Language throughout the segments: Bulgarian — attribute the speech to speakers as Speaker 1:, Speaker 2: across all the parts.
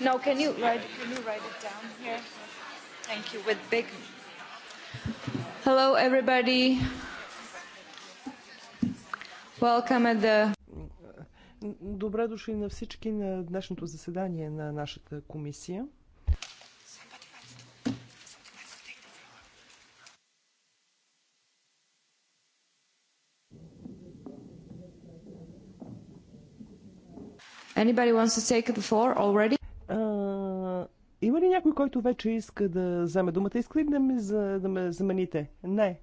Speaker 1: No, can you write, can you write it down here? Thank you. With big. Hello, everybody.
Speaker 2: Welcome at the. Добре дошли на всички на днешното заседание на нашата комисия.
Speaker 1: Anybody wants to take
Speaker 2: the floor already? Някой, който вече иска да вземе думата, иска ли да ме, за, да ме замените? Не.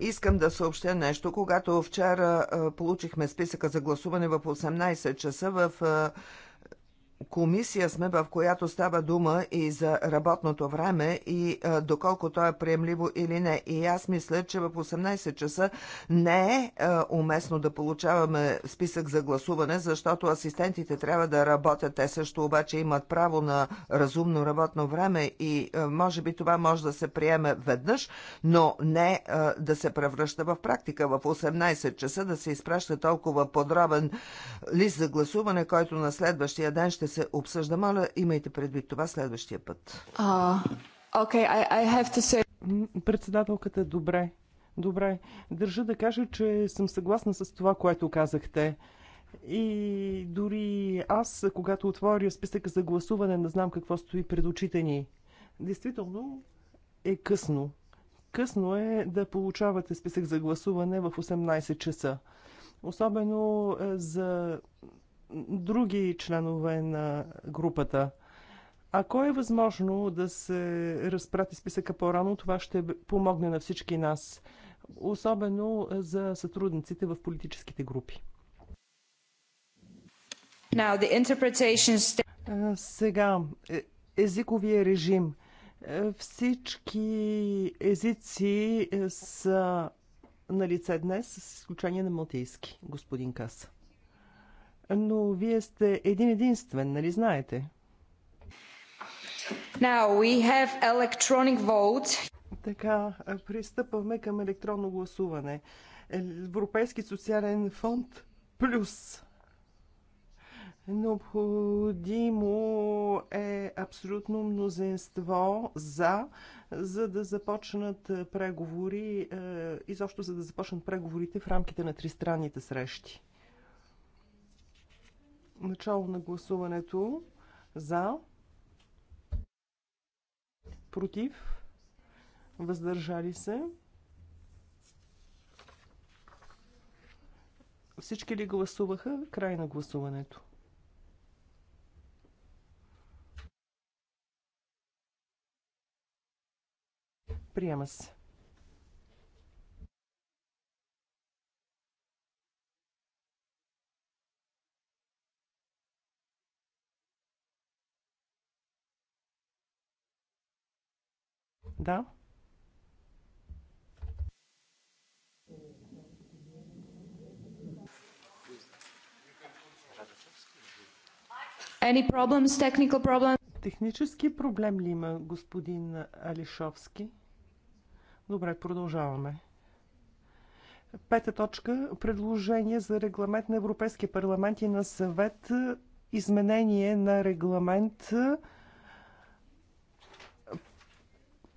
Speaker 3: Искам да съобщя нещо. Когато вчера получихме списъка за гласуване в 18 часа в комисия сме, в която става дума и за работното време и а, доколко то е приемливо или не. И аз мисля, че в 18 часа не е а, уместно да получаваме списък за гласуване, защото асистентите трябва да работят. Те също обаче имат право на разумно работно време и а, може би това може да се приеме веднъж, но не а, да се превръща в практика. В 18 часа да се изпраща толкова подробен лист за гласуване, който на следващия ден ще се обсъжда. Моля, имайте предвид това следващия път. Uh, okay,
Speaker 2: I, I say... Председателката, добре. Добре. Държа да кажа, че съм съгласна с това, което казахте. И дори аз, когато отворя списъка за гласуване, не знам какво стои пред очите ни. Действително е късно. Късно е да получавате списък за гласуване в 18 часа. Особено е, за други членове на групата. Ако е възможно да се разпрати списъка по-рано, това ще помогне на всички нас, особено за сътрудниците в политическите групи. Now, the interpretation... Сега, е, езиковия режим. Е, всички езици е, са на лице днес, с изключение на малтийски, господин Каса но вие сте един единствен, нали знаете?
Speaker 1: Now we have electronic
Speaker 2: vote. Така, пристъпваме към електронно гласуване. Европейски социален фонд плюс. Необходимо е абсолютно мнозинство за, за да започнат преговори, изобщо за да започнат преговорите в рамките на тристранните срещи. Начало на гласуването. За. Против. Въздържали се. Всички ли гласуваха? Край на гласуването. Приема се. Да. Any problems, technical problems? Технически проблем ли има, господин Алишовски? Добре, продължаваме. Пета точка. Предложение за регламент на Европейския парламент и на съвет. Изменение на регламент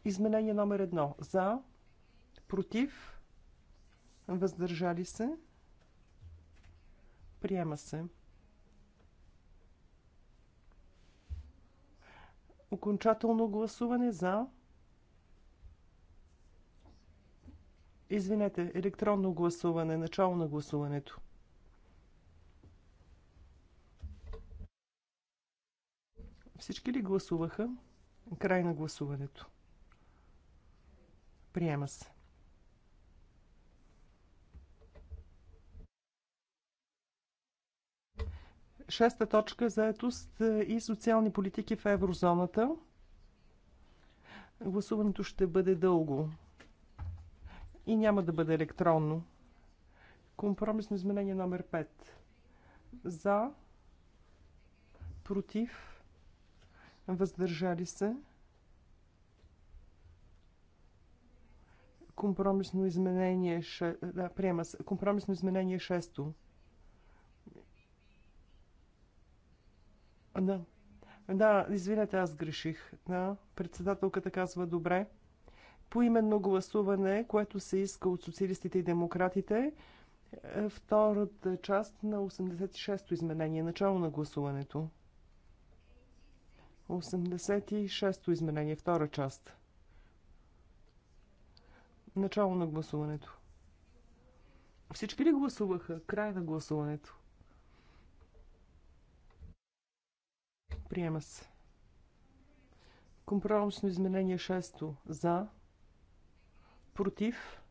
Speaker 2: Изменение номер едно. За, против, въздържали се, приема се. Окончателно гласуване за. Извинете, електронно гласуване, начало на гласуването. Всички ли гласуваха? Край на гласуването. Приема се. Шеста точка заетост и социални политики в еврозоната. Гласуването ще бъде дълго и няма да бъде електронно. Компромисно изменение номер 5. За, против, въздържали се. Компромисно изменение ше... Да, приема се. Компромисно изменение 6. Да. Да, извинете, аз греших. Да. Председателката казва добре. Поименно гласуване, което се иска от социалистите и демократите. Е, втората част на 86-то изменение. Начало на гласуването. 86-то изменение. Втора част. Начало на гласуването. Всички ли гласуваха? Край на гласуването. Приема се. Компромисно изменение 6. За. Против.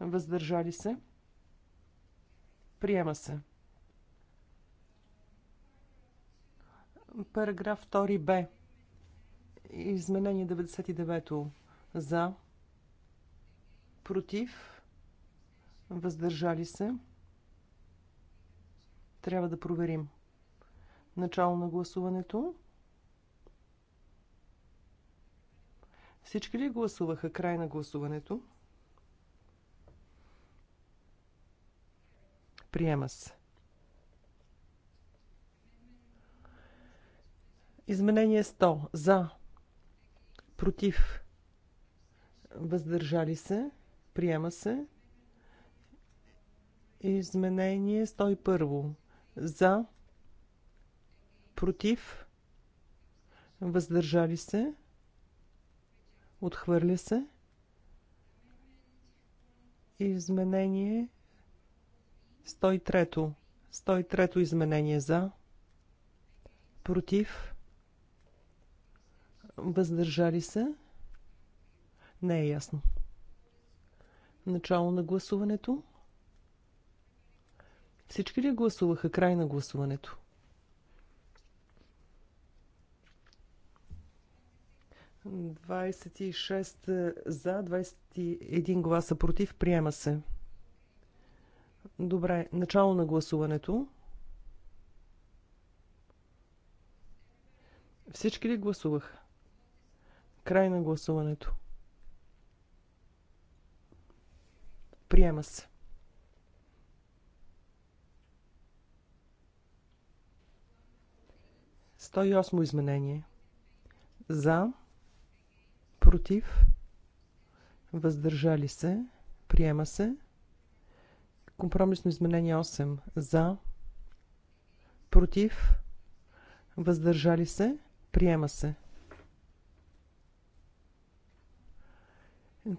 Speaker 2: Въздържали се. Приема се. Параграф 2б. Изменение 99. За против, въздържали се. Трябва да проверим. Начало на гласуването. Всички ли гласуваха край на гласуването? Приема се. Изменение 100. За. Против. Въздържали се. Приема се. Изменение 101. За. Против. Въздържали се. Отхвърля се. Изменение 103. 103 изменение за. Против. Въздържали се. Не е ясно. Начало на гласуването. Всички ли гласуваха край на гласуването? Двадесет и шест е, за, 21 гласа против. Приема се. Добре, начало на гласуването. Всички ли гласуваха? Край на гласуването. Приема се. Сто и осмо изменение. За. Против. Въздържали се. Приема се. Компромисно изменение 8. За. Против. Въздържали се. Приема се.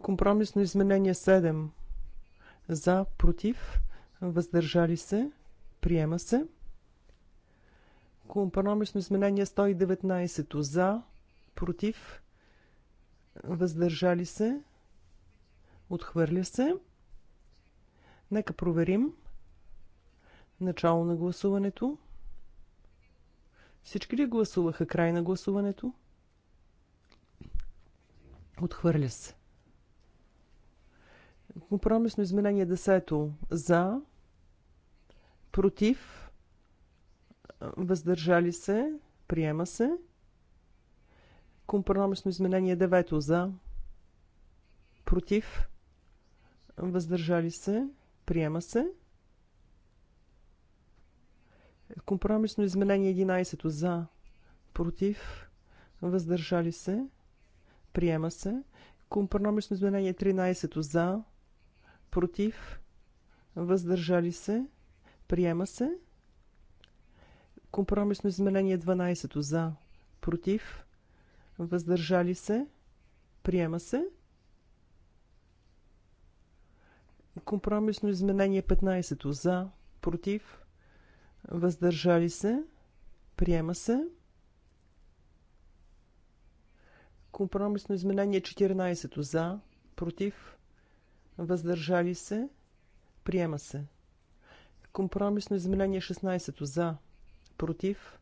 Speaker 2: Компромисно изменение 7 за, против, въздържали се, приема се. Компромисно изменение 119 за, против, въздържали се, отхвърля се. Нека проверим начало на гласуването. Всички ли гласуваха край на гласуването? Отхвърля се. Компромисно изменение 10 за, против, въздържали се, приема се. Компромисно изменение 9 за, против, въздържали се, приема се. Компромисно изменение 11 за, против, въздържали се, приема се. Компромисно изменение 13 за, против, въздържали се, приема се. Компромисно изменение 12 за, против, въздържали се, приема се. Компромисно изменение 15 за, против, въздържали се, приема се. Компромисно изменение 14 за, против, въздържали се, приема се. Компромисно изменение 16 за, против,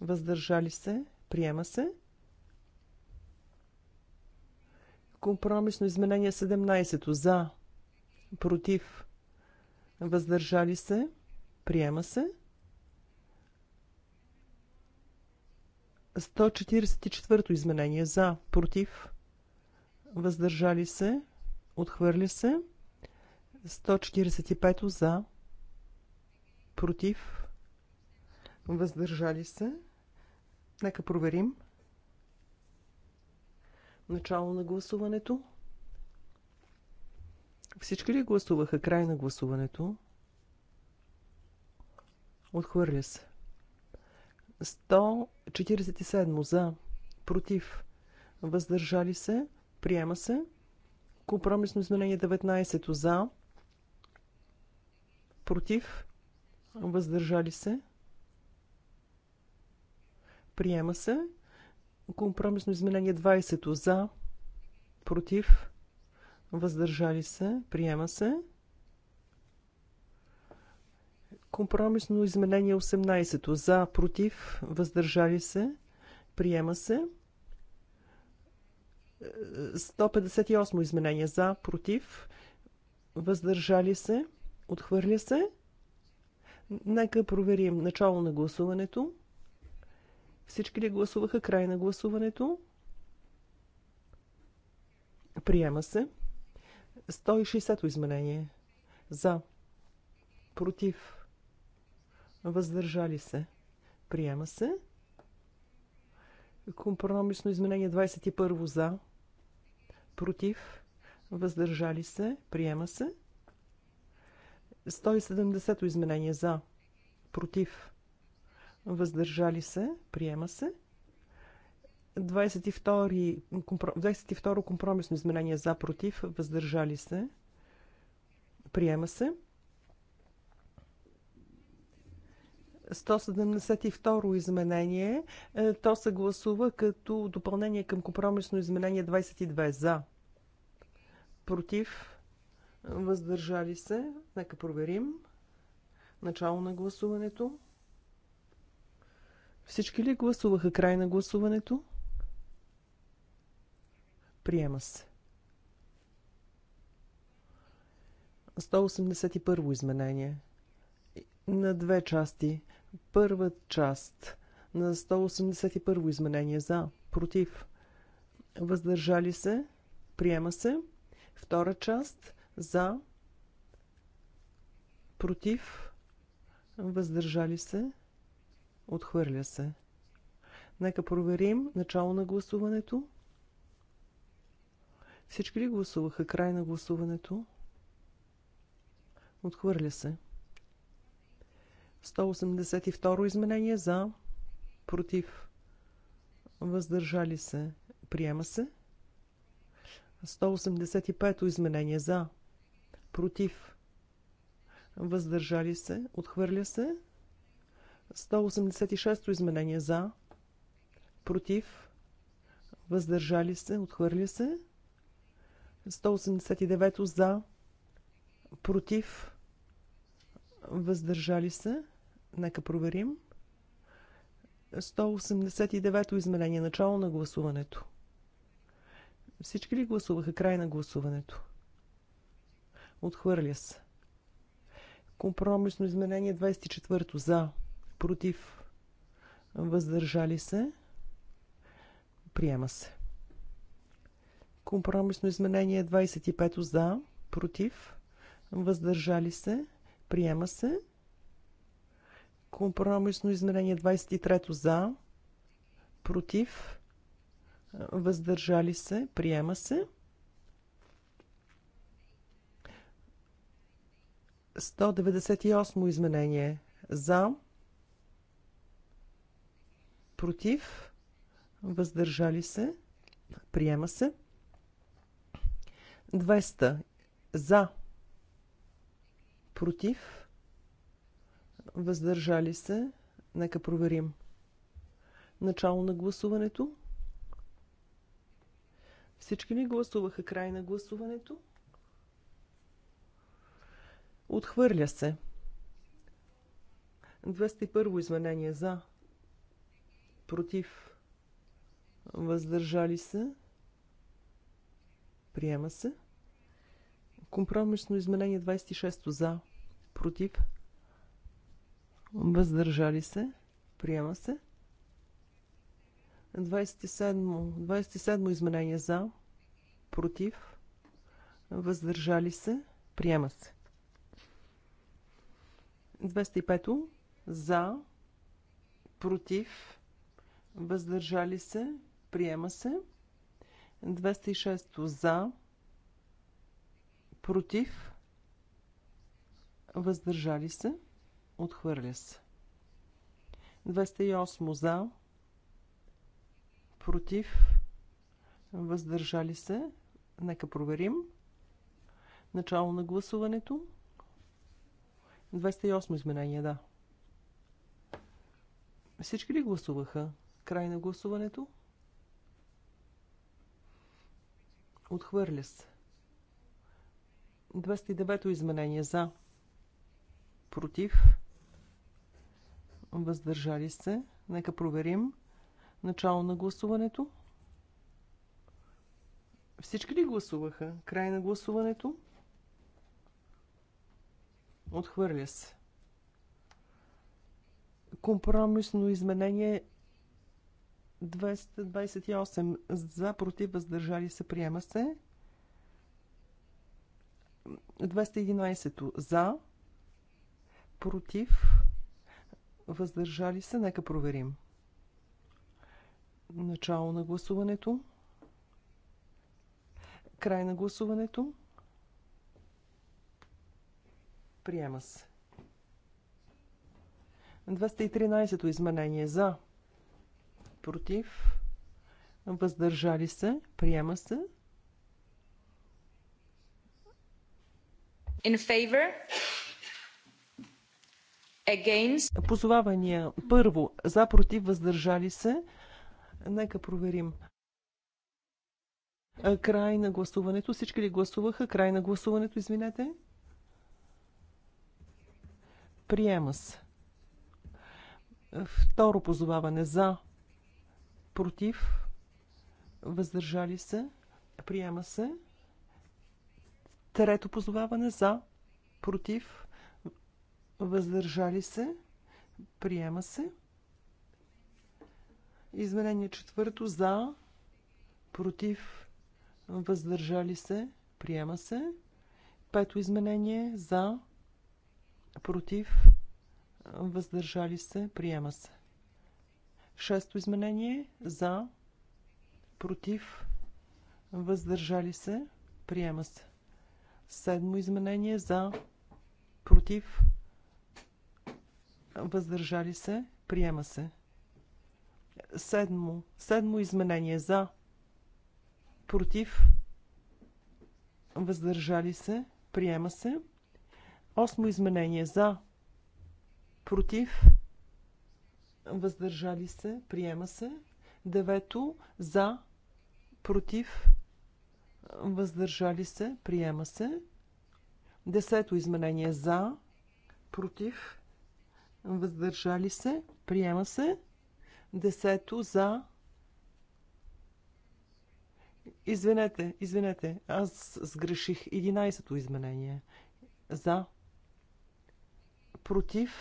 Speaker 2: въздържали се, приема се. Компромисно изменение 17 за, против, въздържали се, приема се. 144 изменение за, против, въздържали се, Отхвърля се. 145 за. Против. Въздържали се. Нека проверим. Начало на гласуването. Всички ли гласуваха край на гласуването? Отхвърля се. 147 за. Против. Въздържали се. Приема се. Компромисно изменение 19 за. Против. Въздържали се. Приема се. Компромисно изменение 20 за. Против. Въздържали се. Приема се. Компромисно изменение 18 за. Против. Въздържали се. Приема се. 158 изменение за, против, въздържали се, отхвърля се. Нека проверим начало на гласуването. Всички ли гласуваха край на гласуването? Приема се. 160-то изменение. За. Против. Въздържали се. Приема се. Компромисно изменение 21 за против, въздържали се, приема се. 170-то изменение за, против, въздържали се, приема се. 22, 22 компромисно изменение за, против, въздържали се, приема се. 172 изменение. Е, то се гласува като допълнение към компромисно изменение 22 за. Против. Въздържали се. Нека проверим. Начало на гласуването. Всички ли гласуваха край на гласуването? Приема се. 181 изменение. На две части. Първа част на 181 изменение за, против, въздържали се, приема се. Втора част за, против, въздържали се, отхвърля се. Нека проверим начало на гласуването. Всички ли гласуваха край на гласуването? Отхвърля се. 182 изменение за, против, въздържали се, приема се. 185 изменение за, против, въздържали се, отхвърля се. 186 изменение за, против, въздържали се, отхвърля се. 189 за, против, въздържали се, нека проверим. 189-то изменение, начало на гласуването. Всички ли гласуваха край на гласуването? Отхвърля се. Компромисно изменение 24-то за, против, въздържали се, приема се. Компромисно изменение 25-то за, против, въздържали се, Приема се. Компромисно изменение 23 за. Против. Въздържали се. Приема се. 198 изменение за. Против. Въздържали се. Приема се. 200 за против, въздържали се. Нека проверим. Начало на гласуването. Всички ли гласуваха край на гласуването? Отхвърля се. 201 изменение за. Против. Въздържали се. Приема се. Компромисно изменение 26 за против, въздържали се, приема се. 27, 27 изменение за, против, въздържали се, приема се. 205 за, против, въздържали се, приема се. 206 за, против, въздържали се, отхвърля се. 208 за, против, въздържали се, нека проверим. Начало на гласуването. 208 изменение, да. Всички ли гласуваха? Край на гласуването? Отхвърля се. 209 изменение за против, въздържали се. Нека проверим начало на гласуването. Всички ли гласуваха? Край на гласуването? Отхвърля се. Компромисно изменение 228 за, против, въздържали се, приема се. 211 за, против, въздържали се. Нека проверим. Начало на гласуването. Край на гласуването. Приема се. 213-то изменение за. Против. Въздържали се. Приема се.
Speaker 1: In favor.
Speaker 2: Позовавания първо за против въздържали се. Нека проверим. Край на гласуването. Всички ли гласуваха? Край на гласуването, извинете. Приема се. Второ позоваване за против въздържали се. Приема се. Трето позоваване за против Въздържали се. Приема се. Изменение четвърто. За. Против. Въздържали се. Приема се. Пето изменение. За. Против. Въздържали се. Приема се. Шесто изменение. За. Против. Въздържали се. Приема се. Седмо изменение. За. Против въздържали се, приема се. Седмо, седмо изменение за, против, въздържали се, приема се. Осмо изменение за, против, въздържали се, приема се. Девето, за, против, въздържали се, приема се. Десето изменение за, против, въздържали се, приема се. Десето за. Извинете, извинете, аз сгреших 11-то изменение. За. Против.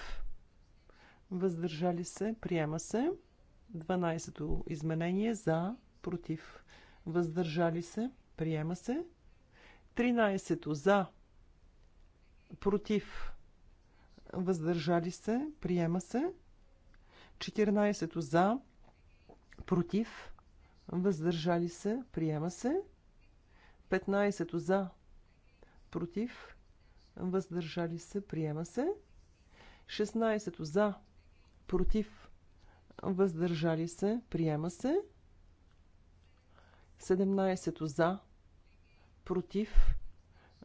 Speaker 2: Въздържали се, приема се. 12-то изменение за, против, въздържали се, приема се. 13-то за, против, въздържали се, приема се. 14 за, против, въздържали се, приема се. 15 за, против, въздържали се, приема се. 16 за, против, въздържали се, приема се. 17 за, против,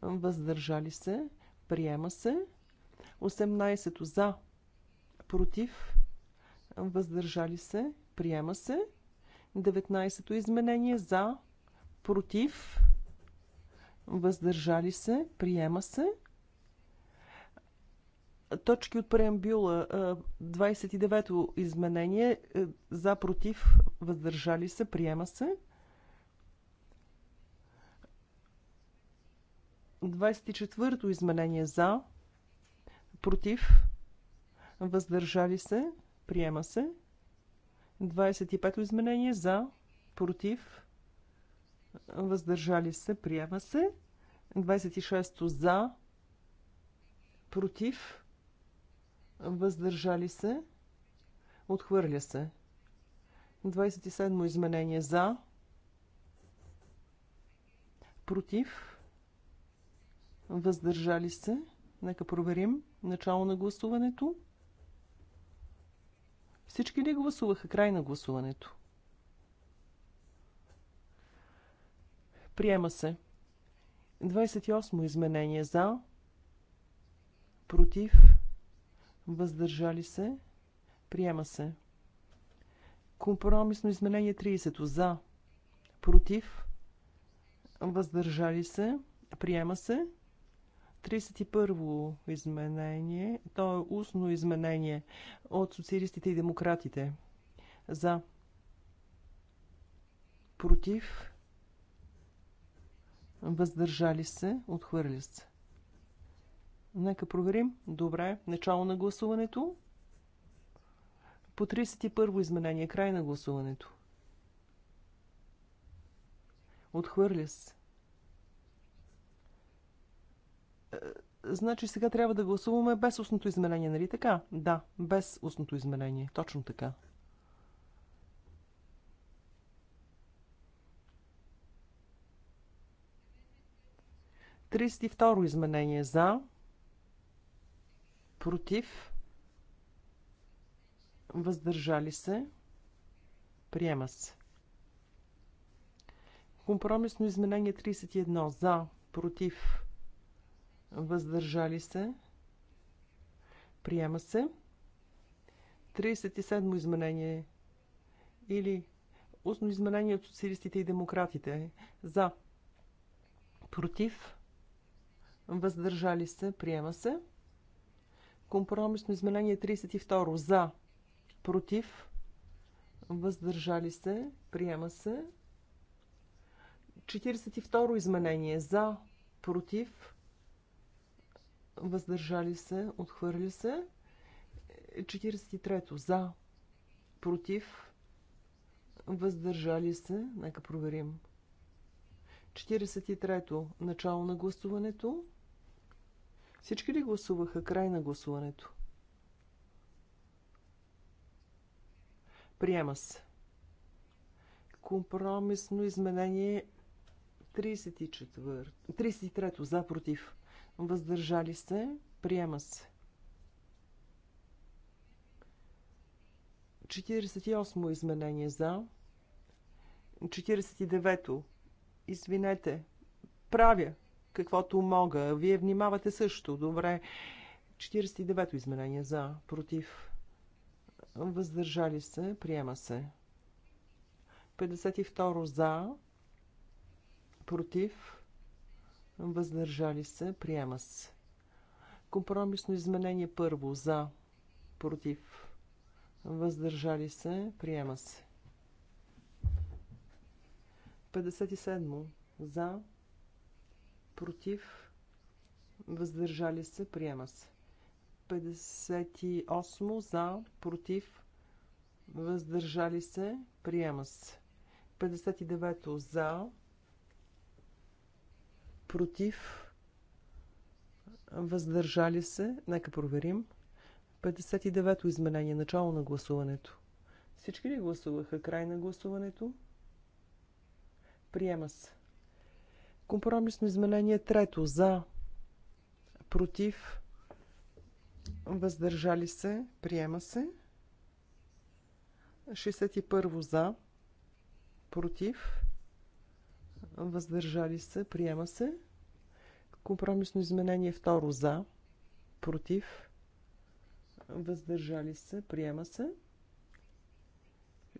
Speaker 2: въздържали се, приема се. 18 за, против, въздържали се, приема се. 19-то изменение за, против, въздържали се, приема се. Точки от преамбюла 29-то изменение за, против, въздържали се, приема се. 24-то изменение за, против, въздържали се, приема се. 25-то изменение за, против, въздържали се, приема се. 26-то за, против, въздържали се, отхвърля се. 27 изменение за, против, въздържали се. Нека проверим. Начало на гласуването. Всички ли гласуваха? Край на гласуването. Приема се. 28 изменение за. Против. Въздържали се. Приема се. Компромисно изменение 30 за. Против. Въздържали се. Приема се. 31-во изменение, то е устно изменение от социалистите и демократите. За. Против. Въздържали се. Отхвърля се. Нека проверим. Добре. Начало на гласуването. По 31-во изменение. Край на гласуването. Отхвърля се. Е, значи сега трябва да гласуваме без устното изменение, нали така? Да, без устното изменение. Точно така. Тридцати второ изменение за, против, въздържали се, приема се. Компромисно изменение 31 за, против, въздържали се, приема се. 37 изменение или устно изменение от социалистите и демократите за против, въздържали се, приема се. Компромисно изменение 32 за против, въздържали се, приема се. 42 изменение за против, въздържали се, отхвърли се. 43-то за, против, въздържали се, нека проверим. 43-то начало на гласуването. Всички ли гласуваха край на гласуването? Приема се. Компромисно изменение 34 33 за против въздържали се, приема се. 48 изменение за. 49-то. Извинете. Правя каквото мога. Вие внимавате също. Добре. 49-то изменение за. Против. Въздържали се. Приема се. 52 за. Против въздържали се, приема се. Компромисно изменение първо, за, против, въздържали се, приема се. 57. За, против, въздържали се, приема се. 58. За, против, въздържали се, приема се. 59. За, против, въздържали се. Нека проверим. 59-то изменение, начало на гласуването. Всички ли гласуваха край на гласуването? Приема се. Компромисно изменение трето. За, против, въздържали се, приема се. 61 за, против, въздържали се, приема се. Компромисно изменение второ за, против, въздържали се, приема се.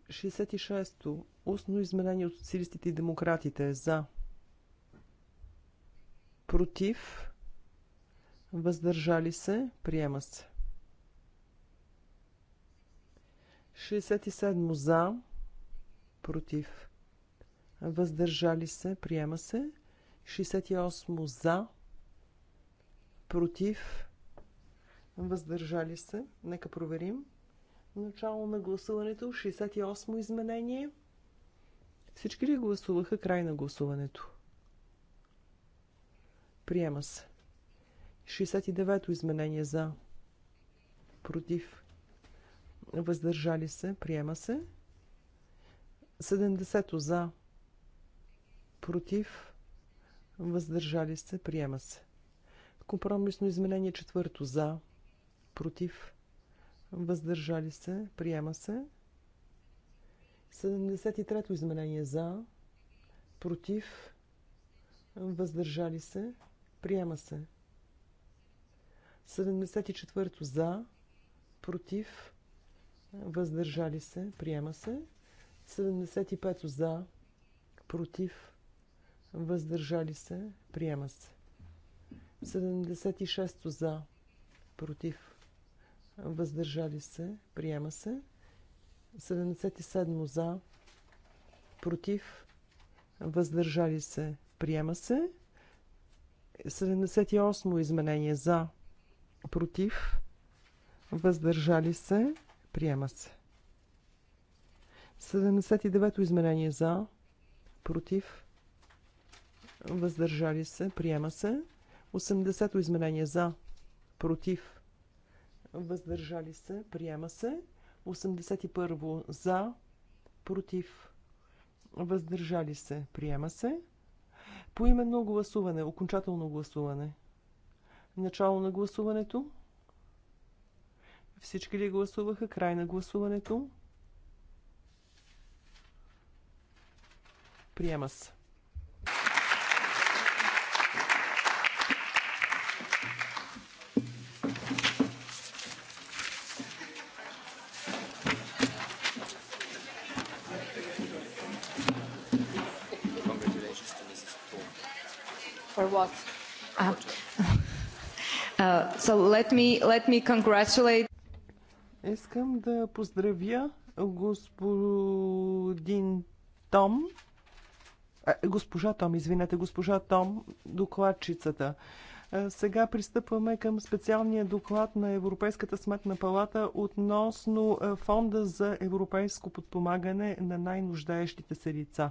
Speaker 2: 66-то устно изменение от социалистите и демократите за, против, въздържали се, приема се. 67 за, против, въздържали се, приема се. 68 за, против, въздържали се. Нека проверим. Начало на гласуването, 68 изменение. Всички ли гласуваха край на гласуването? Приема се. 69-то изменение за. Против. Въздържали се. Приема се. 70-то за против, въздържали се, приема се. Компромисно изменение четвърто за, против, въздържали се, приема се. 73-то изменение за, против, въздържали се, приема се. 74-то за, против, въздържали се, приема се. 75-то за, против, въздържали се, приема се. 76 за, против, въздържали се, приема се. 77 за, против, въздържали се, приема се. 78 изменение за, против, въздържали се, приема се. 79 изменение за, против, въздържали се, приема се. 80-то изменение за, против, въздържали се, приема се. 81 во за, против, въздържали се, приема се. Поименно гласуване, окончателно гласуване. Начало на гласуването. Всички ли гласуваха? Край на гласуването. Приема се.
Speaker 1: or what? Uh, uh, so let me, let me congratulate. Искам да поздравя
Speaker 2: господин Том. А, госпожа Том, извинете, госпожа Том, докладчицата. Сега пристъпваме към специалния доклад на Европейската сметна палата относно фонда за европейско подпомагане на най-нуждаещите се лица.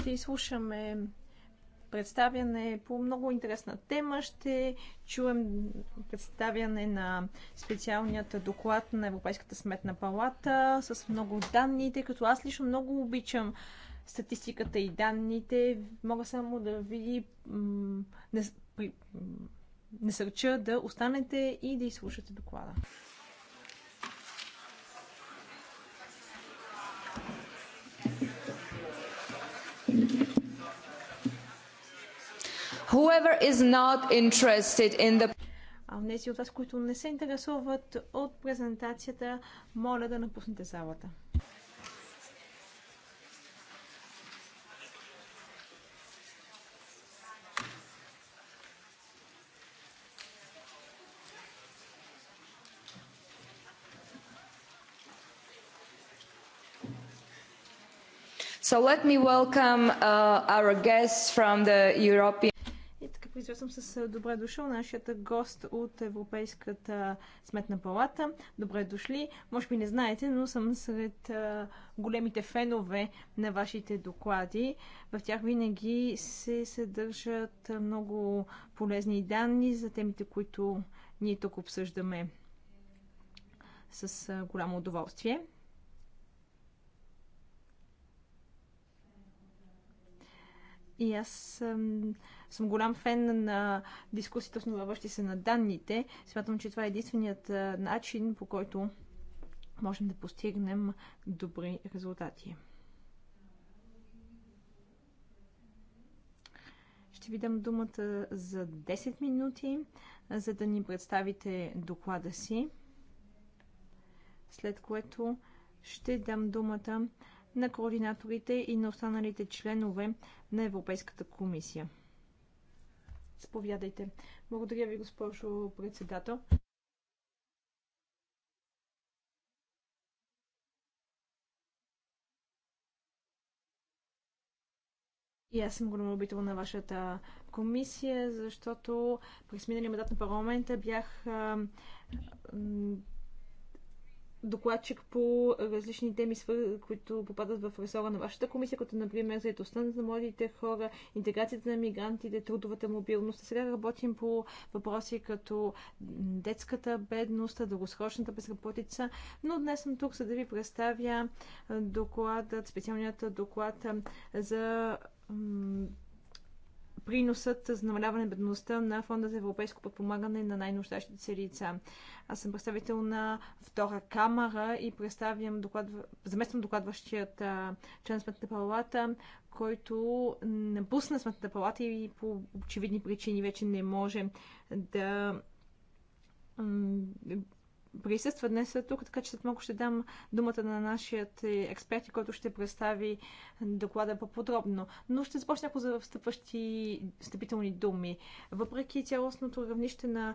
Speaker 1: Ще изслушаме представяне по много интересна тема. Ще чуем представяне на специалният доклад на Европейската сметна палата с много данни, тъй като аз лично много обичам статистиката и данните. Мога само да ви насърча да останете и да изслушате доклада. Whoever is not interested in the а тези от вас, които не се интересуват от презентацията, моля да напуснете залата. So let me welcome uh, our guests from the European Приветствам с добре дошъл нашата гост от Европейската сметна палата. Добре дошли. Може би не знаете, но съм сред големите фенове на вашите доклади. В тях винаги се съдържат много полезни данни за темите, които ние тук обсъждаме с голямо удоволствие. И аз съм, съм голям фен на дискусията, основаващи се на данните. Смятам, че това е единственият начин, по който можем да постигнем добри резултати. Ще ви дам думата за 10 минути, за да ни представите доклада си, след което ще дам думата на координаторите и на останалите членове на Европейската комисия. Сповядайте. Благодаря ви, госпожо председател. И аз съм голям любител на вашата комисия, защото през миналия мандат на парламента бях докладчик по различни теми, които попадат в ресора на вашата комисия, като например заедостта на младите хора, интеграцията на мигрантите, трудовата мобилност. сега работим по въпроси като детската бедност, дългосрочната безработица, но днес съм тук, за да ви представя докладът, специалният доклад за приносът за намаляване бедността на Фонда за европейско подпомагане на най нуждащите се лица. Аз съм представител на втора камера и представям доклад, замествам докладващият член Сметната палата, който напусна Сметната палата и по очевидни причини вече не може да присъства днес тук, така че след малко ще дам думата на нашият е, експерт, който ще представи доклада по-подробно. Но ще започна някои за встъпващи встъпителни думи. Въпреки цялостното равнище на е,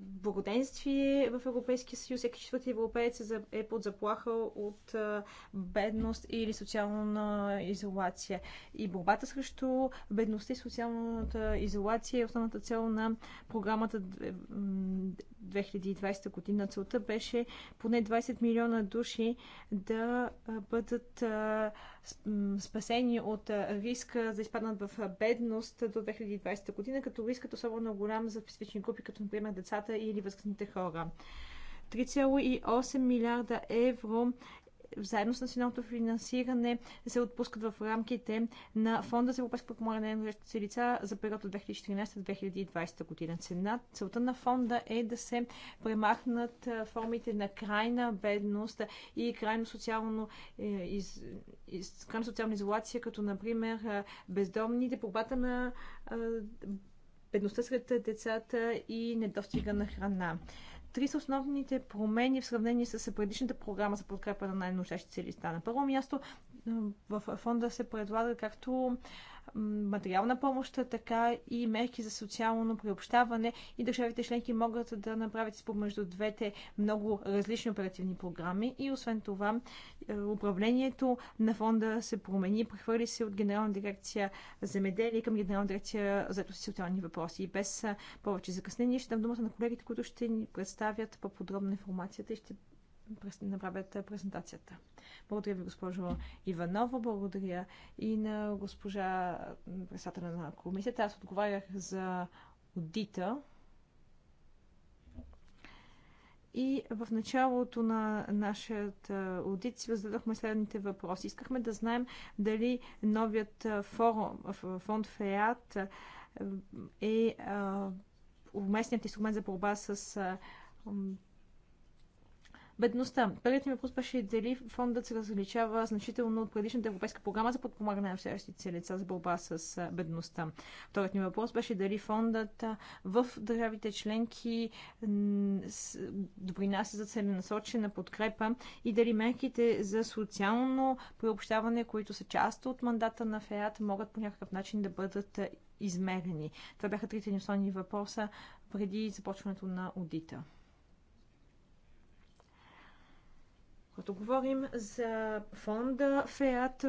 Speaker 1: благоденствие в Европейския съюз, всеки четвърти европеец е, е под заплаха от е, бедност или социална изолация. И борбата срещу бедността и социалната изолация е основната цел на програмата 2020 година целта беше поне 20 милиона души да бъдат спасени от риска за изпаднат в бедност до 2020 година, като рискът е особено голям за специфични групи, като например децата или възрастните хора. 3,8 милиарда евро заедно с националното финансиране се отпускат в рамките на Фонда за европейско подпомагане на гражданите лица за период от 2014-2020 година. Цена, целта на фонда е да се премахнат формите на крайна бедност и крайно, социално, е, из, из, крайно социална изолация, като например бездомните, борбата на бедността сред децата и недостига на храна. Три са основните промени в сравнение с предишната програма за подкрепа на най-нуждащите се листа. На първо място в фонда се предлага както материална помощ, така и мерки за социално приобщаване и държавите членки могат да направят избор между двете много различни оперативни програми и освен това е, управлението на фонда се промени, прехвърли се от Генерална дирекция земеделие към Генерална дирекция за социални въпроси и без повече закъснение ще дам думата на колегите, които ще ни представят по-подробна информацията и ще направят презентацията. Благодаря ви, госпожо Иванова. Благодаря и на госпожа председателя на комисията. Аз отговарях за аудита. И в началото на нашата аудит си зададохме следните въпроси. Искахме да знаем дали новият форум, фонд ФЕАТ е уместният инструмент за борба с бедността. Първият ми въпрос беше дали фондът се различава значително от предишната европейска програма за подпомагане на си лица за борба с бедността. Вторият ми въпрос беше дали фондът в държавите членки допринася за целенасочена подкрепа и дали мерките за социално приобщаване, които са част от мандата на ФЕАТ, могат по някакъв начин да бъдат измерени. Това бяха трите ни основни въпроса преди започването на аудита. Когато говорим за фонда ФЕАТ,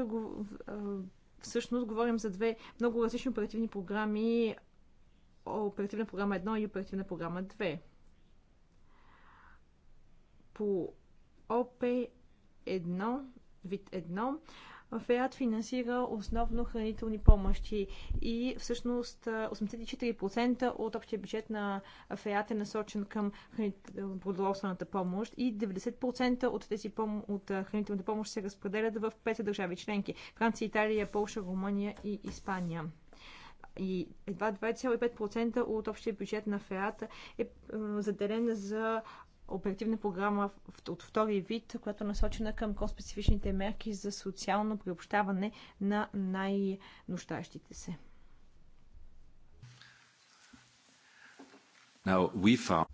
Speaker 1: всъщност говорим за две много различни оперативни програми оперативна програма 1 и оперативна програма 2. По ОП 1, вид 1, ФЕАД финансира основно хранителни помощи и всъщност 84% от общия бюджет на ФЕАД е насочен към продоволствената помощ и 90% от тези пом... от хранителната помощ се разпределят в пет държави членки Франция, Италия, Полша, Румъния и Испания и едва 2,5% от общия бюджет на ФЕАТ е заделен за оперативна програма от втори вид, която е насочена към конспецифичните мерки за социално приобщаване на най-нуждащите се.
Speaker 2: Now we found...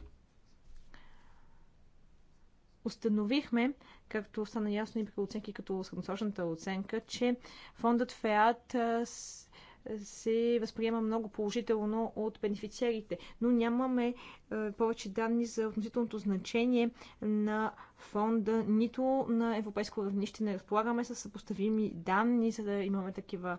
Speaker 1: Установихме, както стана ясно и при оценки като средносрочната оценка, че фондът ФЕАТ с се възприема много положително от бенефициерите, но нямаме е, повече данни за относителното значение на фонда, нито на европейско равнище. Не разполагаме с съпоставими данни, за да имаме такива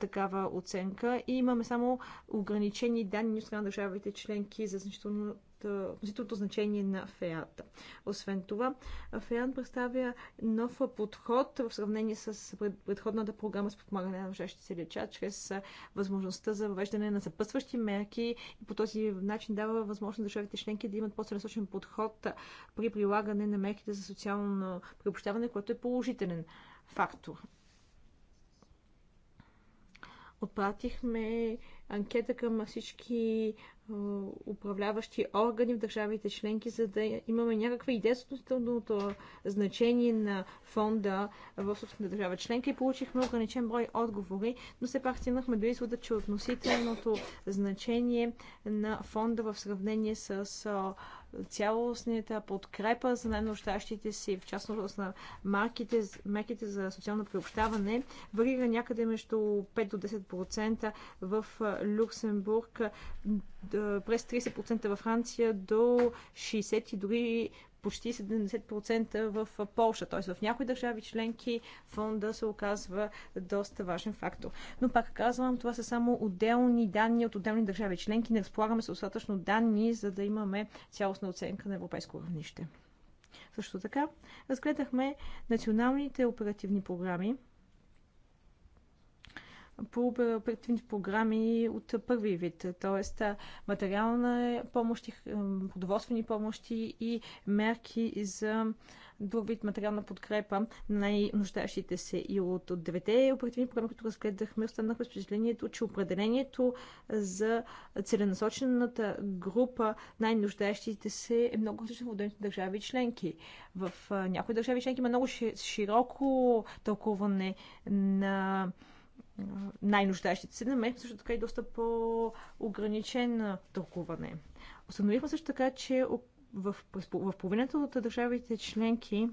Speaker 1: такава оценка и имаме само ограничени данни от страна държавите членки за значително относителното значение на ФЕАТ. Освен това, ФЕАТ представя нов подход в сравнение с предходната програма с подпомагане на вжащи се леча, чрез възможността за въвеждане на съпътстващи мерки и по този начин дава възможност държавите членки да имат по-целесочен подход при прилагане на мерките за социално приобщаване, което е положителен фактор. Отпратихме анкета към всички управляващи органи в държавите членки, за да имаме някаква идея за относителното значение на фонда в собствената държава членка и получихме ограничен брой отговори, но все пак стигнахме до извода, че относителното значение на фонда в сравнение с цялостната подкрепа за най нощащите си, в частност на марките, мерките за социално приобщаване, варира някъде между 5 до 10% в Люксембург, през 30% във Франция до 60 и дори почти 70% в Польша. Т.е. в някои държави членки фонда се оказва доста важен фактор. Но пак казвам, това са само отделни данни от отделни държави членки. Не разполагаме с достатъчно данни, за да имаме цялостна оценка на европейско равнище. Също така, разгледахме националните оперативни програми, по оперативни програми от първи вид, т.е. материална е помощ, продоволствени помощи и мерки за друг вид материална подкрепа на най-нуждащите се. И от, от девете оперативни програми, които разгледахме, останахме с впечатлението, че определението за целенасочената група най-нуждащите се е много различно в отделните държави членки. В някои държави членки има много широко тълкуване на най-нуждащите се, намерихме също така и доста по-ограничен тълкуване. Установихме също така, че в, в половината от държавите членки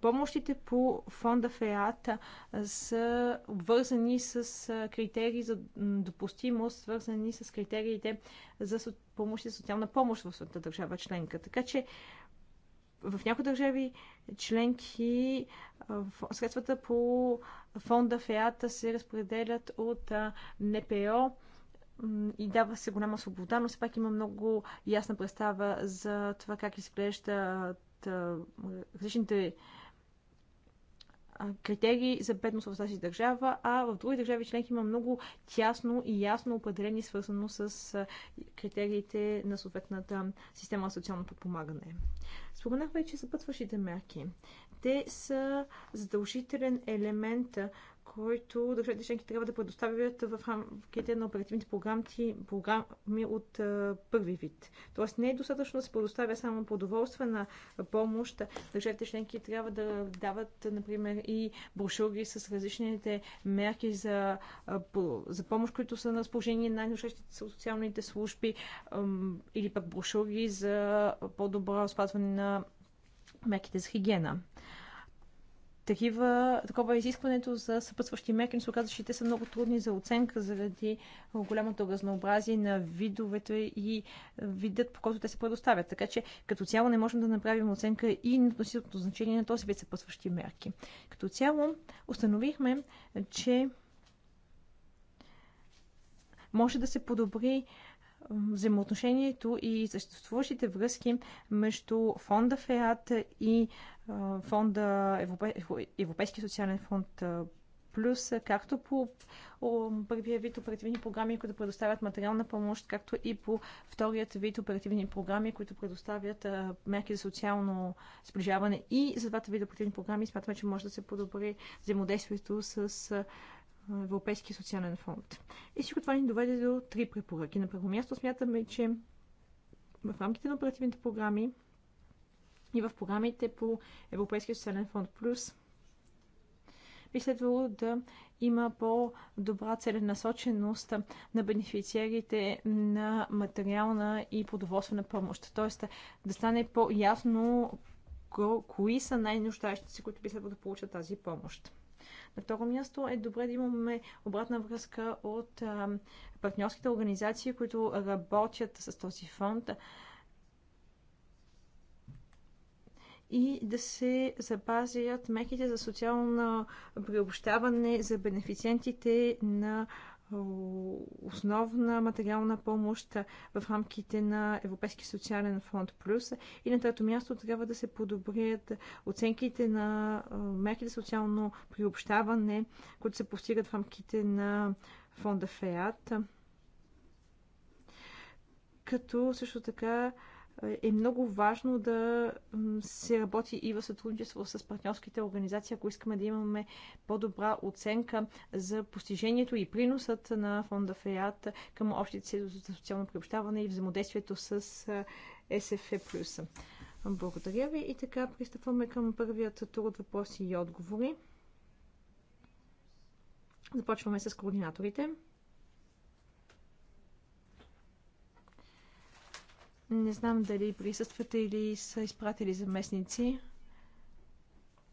Speaker 1: помощите по фонда ФЕАТА са вързани с критерии за допустимост, свързани с критериите за помощ и социална помощ в държава членка. Така че в някои държави членки средствата по фонда ФЕАТА се разпределят от НПО и дава се голяма свобода, но все пак има много ясна представа за това как изглеждат различните критерии за бедност в тази държава, а в други държави членки има много тясно и ясно определени, свързано с критериите на съответната система на социално подпомагане. Споменах вече съпътващите мерки. Те са задължителен елемент който държавите членки трябва да предоставят в рамките на оперативните програми, програми от а, първи вид. Тоест не е достатъчно да се предоставя само продоволствена помощ. Държавите членки трябва да дават, например, и брошури с различните мерки за, а, за помощ, които са на разположение на най-нужещите социалните служби или пък брошури за по-добро спазване на мерките за хигиена такива, такова изискването за съпътстващи мерки, но се оказа, че те са много трудни за оценка заради голямото разнообразие на видовете и видът, по който те се предоставят. Така че като цяло не можем да направим оценка и на относителното значение на този вид съпътстващи мерки. Като цяло установихме, че може да се подобри взаимоотношението и съществуващите връзки между фонда ФЕАТ и фонда Европе... Европейски социален фонд Плюс, както по първия вид оперативни програми, които предоставят материална помощ, както и по вторият вид оперативни програми, които предоставят мерки за социално сближаване. И за двата вида оперативни програми смятаме, че може да се подобри взаимодействието с Европейския социален фонд. И всичко това ни доведе до три препоръки. На първо място смятаме, че в рамките на оперативните програми и в програмите по Европейския социален фонд Плюс би следвало да има по-добра целенасоченост на бенефициерите на материална и продоволствена помощ. Тоест да стане по-ясно кои са най-нуждащите си, които би следвало да получат тази помощ. На второ място е добре да имаме обратна връзка от партньорските организации, които работят с този фонд. и да се запазят меките за социално приобщаване за бенефициентите на основна материална помощ в рамките на Европейски социален фонд Плюс. И на трето място трябва да се подобрят оценките на мерки за социално приобщаване, които се постигат в рамките на фонда ФЕАТ. Като също така е много важно да се работи и в сътрудничество с партньорските организации, ако искаме да имаме по-добра оценка за постижението и приносът на фонда ФЕАТ към общите цели за социално приобщаване и взаимодействието с СФ. Благодаря ви и така пристъпваме към първият тур от въпроси и отговори. Започваме с координаторите. Не знам дали присъствате или са изпратили заместници.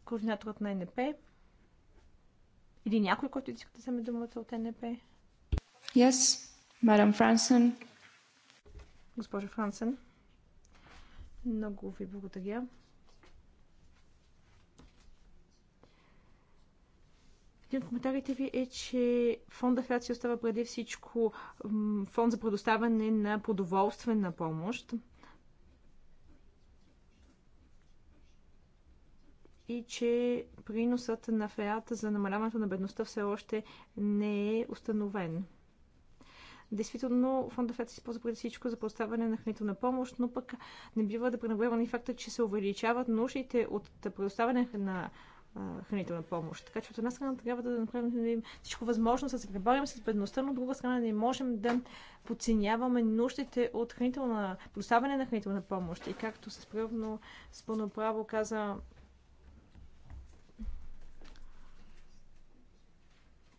Speaker 1: Координаторът на НП. Или някой, който иска да вземе думата от НП. Yes, Madam Франсен. Госпожа Франсен. Много ви благодаря. Един от коментарите ви е, че фонда Храция остава преди всичко фонд за предоставяне на продоволствена помощ. и че приносът на феата за намаляването на бедността все още не е установен. Действително, фонда ФЕД се използва преди всичко за поставяне на хранителна помощ, но пък не бива да пренебрегваме и факта, че се увеличават нуждите от предоставяне на хранителна помощ. Така че от една страна трябва да направим всичко възможно, да се преборим с бедността, но от друга страна не можем да подценяваме нуждите от хранителна, поставяне на хранителна помощ. И както с правно, с пълно право каза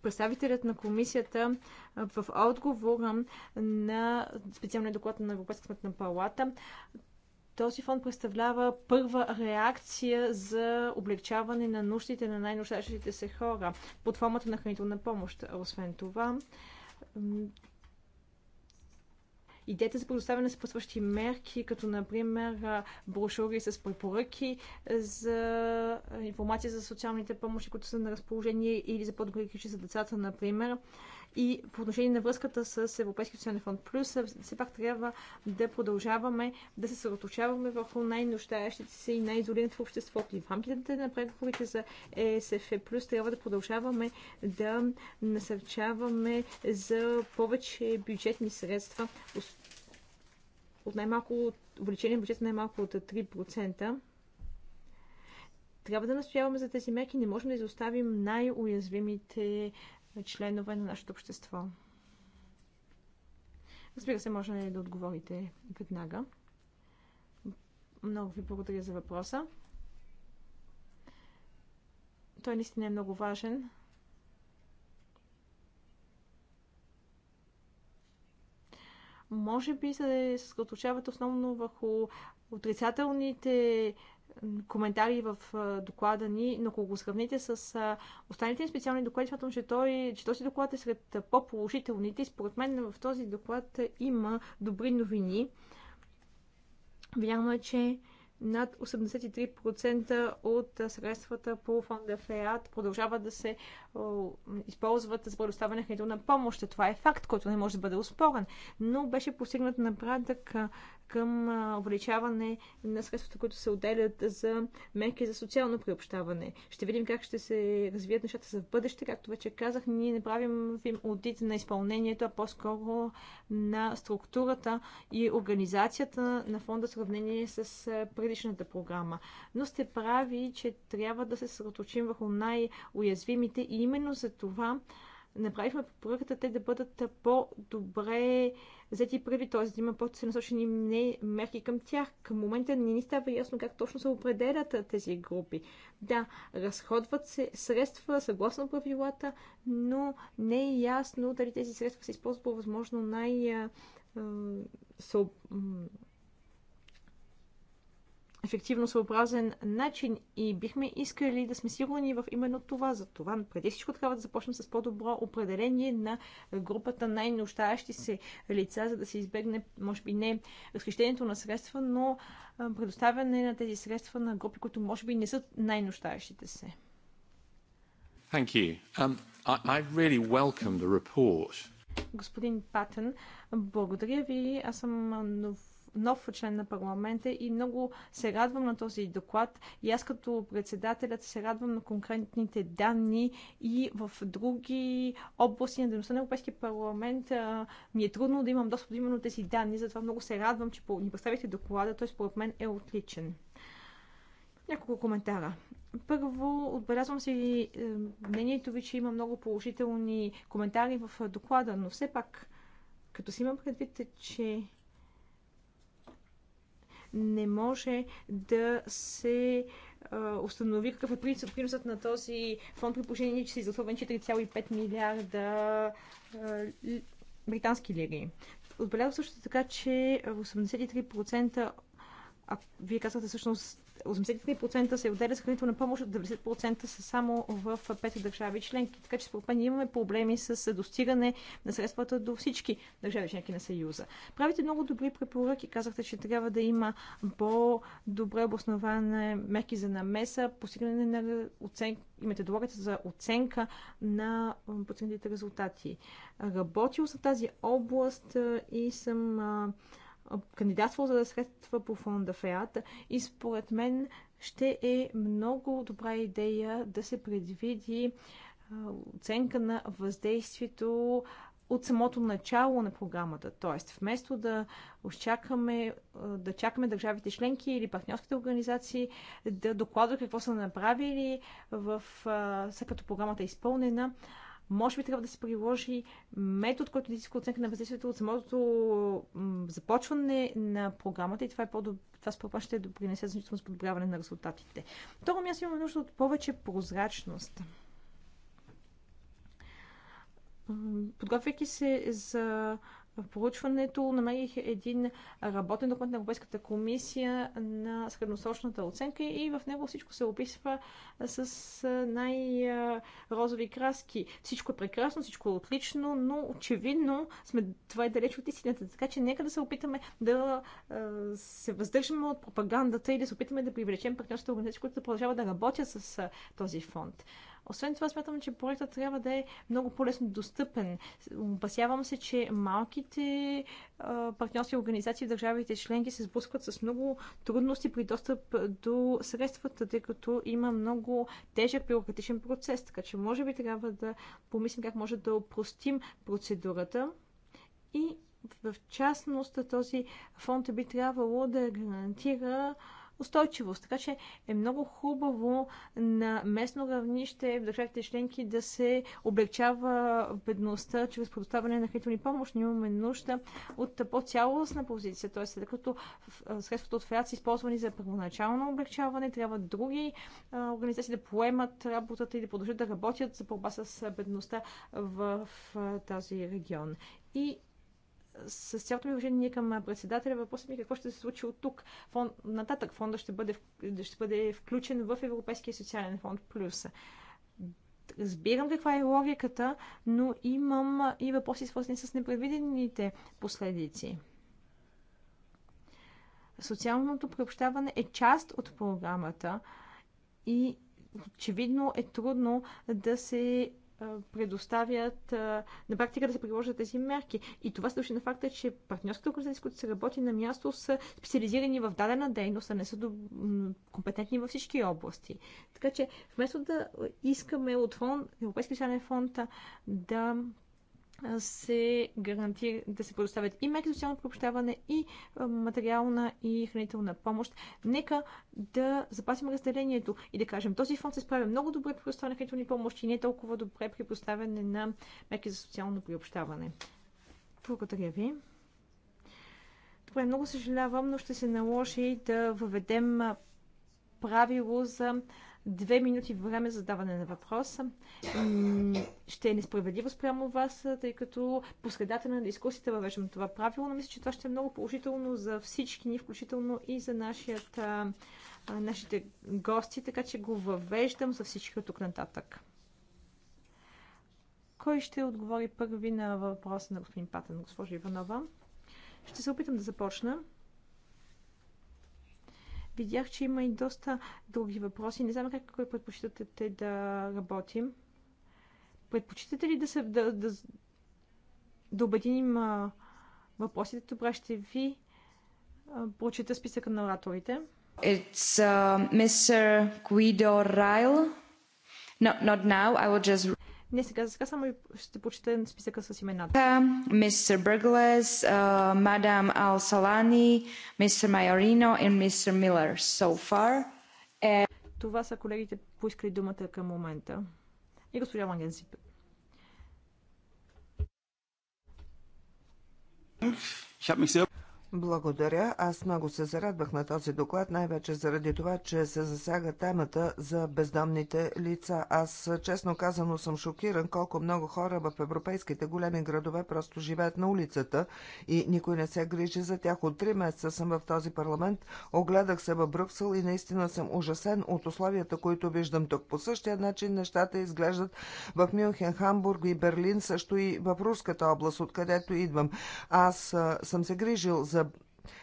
Speaker 1: представителят на комисията в отговора на специалния доклад на Европейската палата. Този фонд представлява първа реакция за облегчаване на нуждите на най-нуждащите се хора под формата на хранителна помощ. Освен това, идеята за предоставяне на съпътстващи мерки, като например брошури с препоръки за информация за социалните помощи, които са на разположение или за подгрижи за децата, например, и по отношение на връзката с Европейския социален фонд Плюс, все пак трябва да продължаваме да се съсредоточаваме върху най-нуждаещите се и най-изолираните в обществото. И в рамките на преговорите за ЕСФ Плюс трябва да продължаваме да насърчаваме за повече бюджетни средства от най-малко увеличение на бюджет най-малко от 3% трябва да настояваме за тези мерки, не можем да изоставим най-уязвимите членове на нашето общество. Разбира се, може ли да отговорите веднага. Много ви благодаря за въпроса. Той наистина е много важен. Може би се съсредоточават основно върху отрицателните коментари в доклада ни, но ако го сравните с останалите специални доклади, смятам, че, той, че този доклад е сред по-положителните според мен в този доклад има добри новини. Вярно е, че над 83% от средствата по фонда ФЕАТ продължават да се използват за предоставяне на хранителна помощ. Това е факт, който не може да бъде успорен. Но беше постигнат напредък към увеличаване на средствата, които се отделят за мерки за социално приобщаване. Ще видим как ще се развият нещата за бъдеще. Както вече казах, ние не правим аудит на изпълнението, а по-скоро на структурата и организацията на фонда в сравнение с предишната програма. Но сте прави, че трябва да се съсредоточим върху най-уязвимите и именно за това направихме препоръката те да бъдат по-добре взети преди, т.е. да има по-целенасочени мерки към тях. Към момента не ни става ясно как точно се определят тези групи. Да, разходват се средства съгласно правилата, но не е ясно дали тези средства се използват по възможно най- ефективно съобразен начин и бихме искали да сме сигурни в именно това. За това преди всичко трябва да започнем с по-добро определение на групата най-нуждаещи се лица, за да се избегне, може би не разхищението на средства, но предоставяне на тези средства на групи, които може би не са най-нуждаещите се.
Speaker 3: Thank you. Um, I, I really welcome the report.
Speaker 1: Господин Патен, благодаря ви. Аз съм нов нов член на парламента и много се радвам на този доклад. И аз като председателят се радвам на конкретните данни и в други области на дейността на Европейския парламент а, ми е трудно да имам достъп до именно тези данни, затова много се радвам, че ни представите доклада, той според мен е отличен. Няколко коментара. Първо, отбелязвам си е, мнението ви, че има много положителни коментари в е, доклада, но все пак, като си имам предвид, е, че не може да се установи какъв е приносът на този фонд при положение, че са изразходвани 4,5 милиарда британски лири. Отбелява също така, че 83% а вие казвате всъщност 83% се отделят за хранителна помощ, 90% са само в пет държави членки. Така че според мен имаме проблеми с достигане на средствата до всички държави членки на Съюза. Правите много добри препоръки. Казахте, че трябва да има по-добре обосноване мерки за намеса, постигане на оценка, методологията за оценка на постигнатите резултати. Работил съм тази област и съм кандидатствал за средства по фонда ФЕАТ и според мен ще е много добра идея да се предвиди оценка на въздействието от самото начало на програмата. Тоест, вместо да очакаме, да чакаме държавите членки или партньорските организации да докладват какво са направили в, след като програмата е изпълнена, може би трябва да се приложи метод, който изиска оценка на въздействието от самото започване на програмата и това е по-добре това според мен ще допринесе значително с подобряване на резултатите. Второ място имаме нужда от повече прозрачност. Подготвяйки се за в проучването намерих един работен документ на Европейската комисия на средносрочната оценка и в него всичко се описва с най-розови краски. Всичко е прекрасно, всичко е отлично, но очевидно сме, това е далеч от истината. Така че нека да се опитаме да се въздържаме от пропагандата и да се опитаме да привлечем партньорските организации, които да продължават да работят с този фонд. Освен това, смятам, че проектът трябва да е много по-лесно достъпен. Опасявам се, че малките партньорски организации в държавите членки се сблъскват с много трудности при достъп до средствата, тъй като има много тежък бюрократичен процес. Така че, може би трябва да помислим как може да опростим процедурата и в частност този фонд би трябвало да гарантира устойчивост. Така че е много хубаво на местно равнище в държавите членки да се облегчава бедността чрез предоставяне на хранителни помощи. Ние имаме нужда от по-цялостна позиция, т.е. след като средствата от ФЕАД са използвани за първоначално облегчаване, трябва други организации да поемат работата и да продължат да работят за борба с бедността в тази регион. И с цялото ми уважение към председателя, въпросът ми е какво ще се случи от тук. Фон, нататък фонда ще бъде, ще бъде включен в Европейския социален фонд Плюс. Разбирам каква е логиката, но имам и въпроси свързани с непредвидените последици. Социалното приобщаване е част от програмата и очевидно е трудно да се предоставят, на практика да се приложат тези мерки. И това се дължи на факта, че партньорските организации, които се работи на място, са специализирани в дадена дейност, а не са компетентни във всички области. Така че, вместо да искаме от фонд, Европейския социален фонд да се гарантира да се предоставят и мерки за социално приобщаване, и материална и хранителна помощ. Нека да запасим разделението и да кажем, този фонд се справя много добре при предоставяне на хранителни помощи и не е толкова добре при поставяне на мерки за социално приобщаване. Благодаря ви. Добре, много съжалявам, но ще се наложи да въведем правило за две минути време за даване на въпроса. Ще е несправедливо спрямо вас, тъй като по средата на дискусията въвеждам това правило, но мисля, че това ще е много положително за всички ни, включително и за нашият, нашите гости, така че го въвеждам за всички от тук нататък. Кой ще отговори първи на въпроса на господин Патен, госпожа Иванова? Ще се опитам да започна. Видях, че има и доста други въпроси. Не знам как предпочитате те да работим. Предпочитате ли да се да, да, да обединим а, въпросите? Добре, ще ви а, прочита списъка на ораторите. It's uh, Mr. Guido Ryle. No, not now. I will just не сега, за сега само ще почета списъка с имената. Е, мистер Бърглес, е, мадам Ал Салани, мистер Майорино и мистер So far. And... Е- Това са колегите поискали думата към момента. И госпожа
Speaker 2: Ich habe mich sehr
Speaker 3: благодаря. Аз много се зарадвах на този доклад, най-вече заради това, че се засяга темата за бездомните лица. Аз, честно казано, съм шокиран колко много хора в европейските големи градове просто живеят на улицата и никой не се грижи за тях. От три месеца съм в този парламент, огледах се в Брюксел и наистина съм ужасен от условията, които виждам тук. По същия начин нещата изглеждат в Мюнхен, Хамбург и Берлин, също и в Руската област, откъдето идвам. Аз съм се грижил за за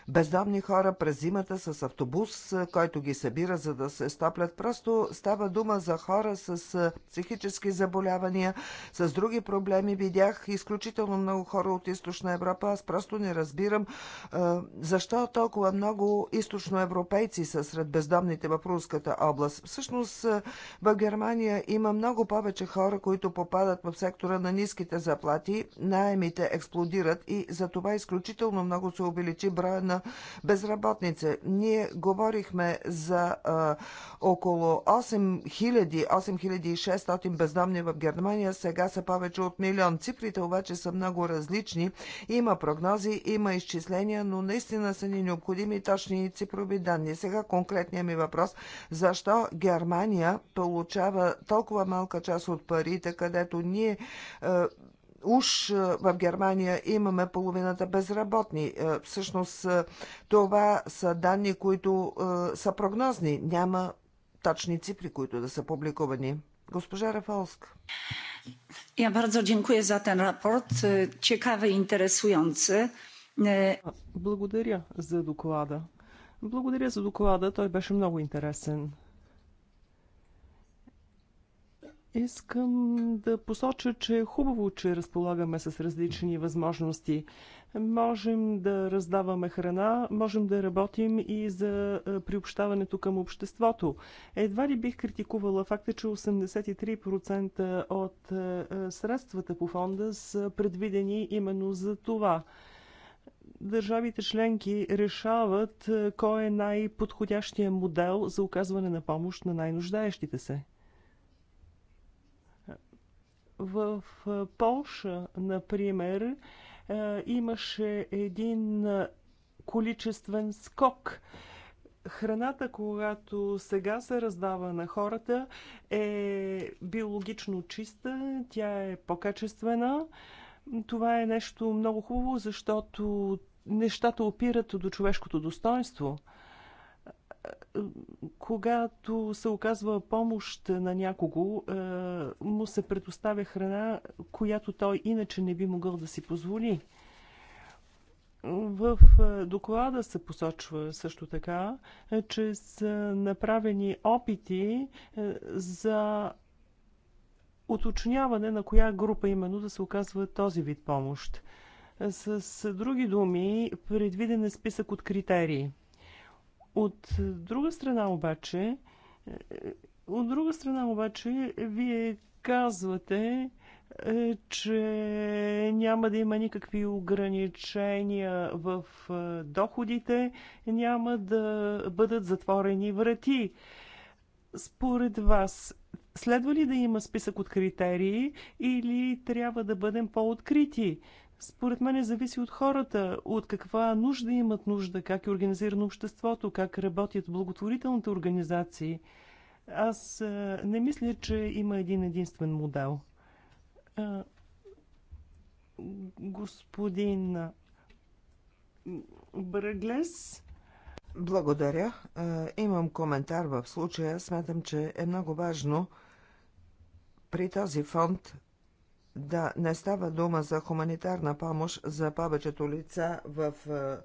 Speaker 3: бездомни хора през зимата с автобус, който ги събира, за да се стоплят. Просто става дума за хора с психически заболявания, с други проблеми. Видях изключително много хора от Източна Европа. Аз просто не разбирам защо толкова много източноевропейци са сред бездомните в Руската област. Всъщност в Германия има много повече хора, които попадат в сектора на ниските заплати, найемите експлодират и за това изключително много се увеличи броя броя на безработница. Ние говорихме за а, около 8000, 8600 бездомни в Германия, сега са повече от милион. Цифрите обаче са много различни. Има прогнози, има изчисления, но наистина са ни необходими точни цифрови данни. Сега конкретният ми въпрос. Защо Германия получава толкова малка част от парите, където ние уж е, в Германия имаме половината безработни. Е, всъщност е, това са данни, които са прогнозни. Няма точни цифри, които да са публикувани. Госпожа Я
Speaker 1: Ja bardzo за za рапорт. raport. и interesujący.
Speaker 2: Благодаря за доклада. Благодаря за доклада. Той беше много интересен. Искам да посоча, че е хубаво, че разполагаме с различни възможности. Можем да раздаваме храна, можем да работим и за приобщаването към обществото. Едва ли бих критикувала факта, че 83% от средствата по фонда са предвидени именно за това държавите членки решават кой е най-подходящия модел за оказване на помощ на най-нуждаещите се. В Полша, например, имаше един количествен скок. Храната, когато сега се раздава на хората, е биологично чиста, тя е по-качествена. Това е нещо много хубаво, защото нещата опират до човешкото достоинство – когато се оказва помощ на някого, е, му се предоставя храна, която той иначе не би могъл да си позволи. В е, доклада се посочва също така, е, че са направени опити за уточняване на коя група именно да се оказва този вид помощ. С други думи, предвиден е списък от критерии – от друга страна обаче, е, от друга страна обаче, вие казвате, е, че няма да има никакви ограничения в е, доходите, няма да бъдат затворени врати. Според вас, следва ли да има списък от критерии или трябва да бъдем по-открити? според мен зависи от хората, от каква нужда имат нужда, как е организирано обществото, как работят благотворителните организации. Аз не мисля, че има един единствен модел.
Speaker 3: Господин Браглес. Благодаря. Имам коментар в случая. Смятам, че е много важно при този фонд да, не става дума за хуманитарна помощ за повечето лица в е,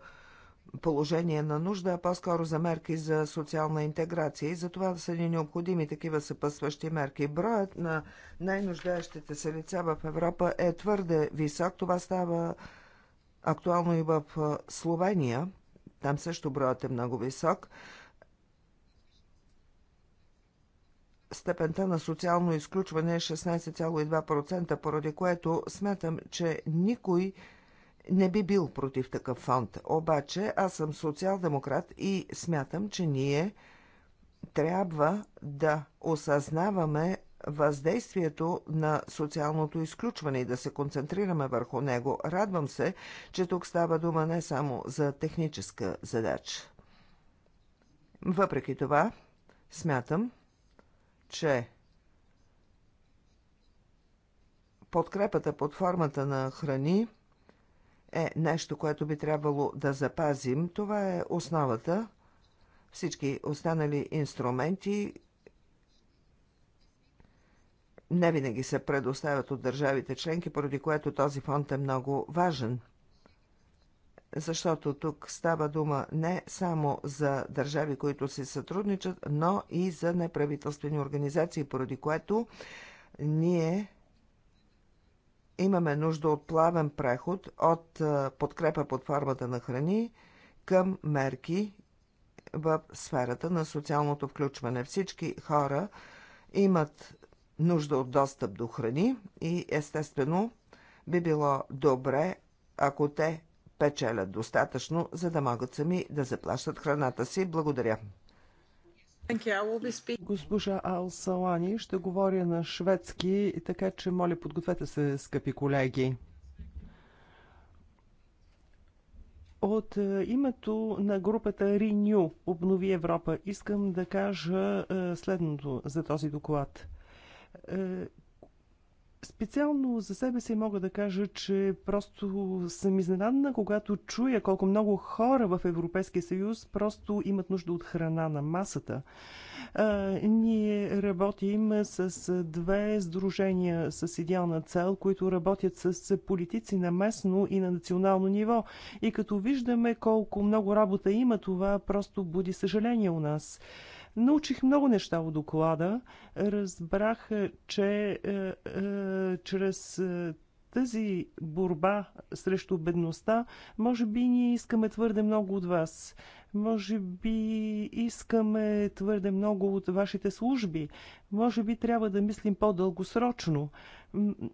Speaker 3: положение на нужда, а по-скоро за мерки за социална интеграция и за това са ни необходими такива съпъсващи мерки. Броят на най-нуждаещите се лица в Европа е твърде висок. Това става актуално и в е, Словения. Там също броят е много висок. степента на социално изключване е 16,2%, поради което смятам, че никой не би бил против такъв фонд. Обаче аз съм социал-демократ и смятам, че ние трябва да осъзнаваме въздействието на социалното изключване и да се концентрираме върху него. Радвам се, че тук става дума не само за техническа задача. Въпреки това, смятам, че подкрепата под формата на храни е нещо, което би трябвало да запазим. Това е основата. Всички останали инструменти не винаги се предоставят от държавите членки, поради което този фонд е много важен – защото тук става дума не само за държави, които се сътрудничат, но и за неправителствени организации, поради което ние имаме нужда от плавен преход от подкрепа под формата на храни към мерки в сферата на социалното включване. Всички хора имат нужда от достъп до храни и естествено би било добре, ако те печелят достатъчно, за да могат сами да заплащат храната си. Благодаря.
Speaker 2: Госпожа Ал Салани, ще говоря на шведски, така че моля подгответе се, скъпи колеги. От е, името на групата Renew Обнови Европа искам да кажа е, следното за този доклад. Е, Специално за себе си мога да кажа, че просто съм изненадана, когато чуя колко много хора в Европейския съюз просто имат нужда от храна на масата. А, ние работим с две сдружения с идеална цел, които работят с политици на местно и на национално ниво. И като виждаме колко много работа има, това просто буди съжаление у нас. Научих много неща от доклада. Разбрах, е, че е, е, чрез е, тази борба срещу бедността, може би ние искаме твърде много от вас. Може би искаме твърде много от вашите служби. Може би трябва да мислим по-дългосрочно.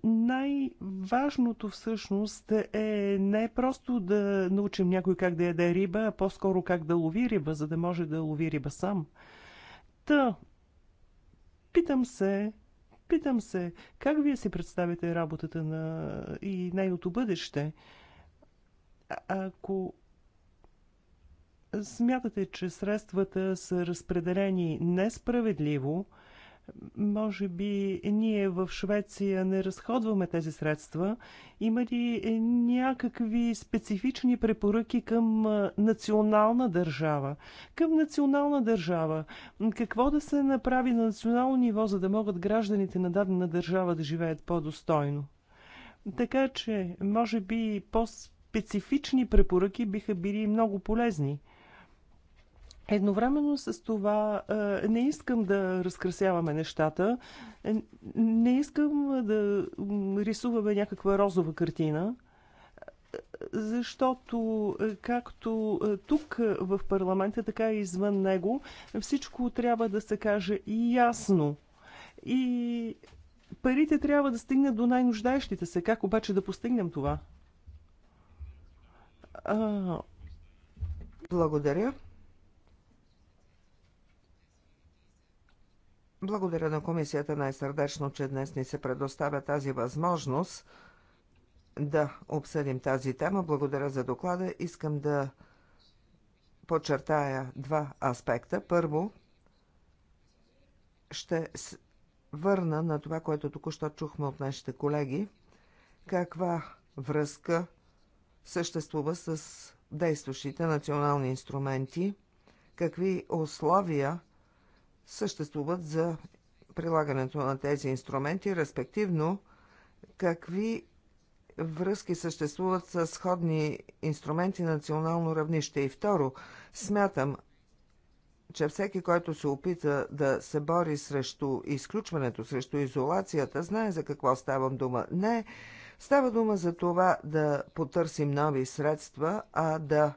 Speaker 2: Най-важното всъщност е не просто да научим някой как да яде риба, а по-скоро как да лови риба, за да може да лови риба сам. Та, питам се, питам се, как вие си представите работата на и нейното бъдеще? А ако смятате, че средствата са разпределени несправедливо, може би ние в Швеция не разходваме тези средства. Има ли някакви специфични препоръки към национална държава? Към национална държава. Какво да се направи на национално ниво, за да могат гражданите на дадена държава да живеят по-достойно? Така че, може би, по-специфични препоръки биха били много полезни – Едновременно с това не искам да разкрасяваме нещата, не искам да рисуваме някаква розова картина, защото както тук в парламента, така и извън него, всичко трябва да се каже ясно. И парите трябва да стигнат до най-нуждаещите се. Как обаче да постигнем това? А...
Speaker 3: Благодаря. Благодаря на комисията най-сърдечно, че днес ни се предоставя тази възможност да обсъдим тази тема. Благодаря за доклада. Искам да подчертая два аспекта. Първо, ще върна на това, което току-що чухме от нашите колеги. Каква връзка съществува с действащите национални инструменти? Какви условия съществуват за прилагането на тези инструменти, респективно какви връзки съществуват с сходни инструменти на национално равнище. И второ, смятам, че всеки, който се опита да се бори срещу изключването, срещу изолацията, знае за какво ставам дума. Не, става дума за това да потърсим нови средства, а да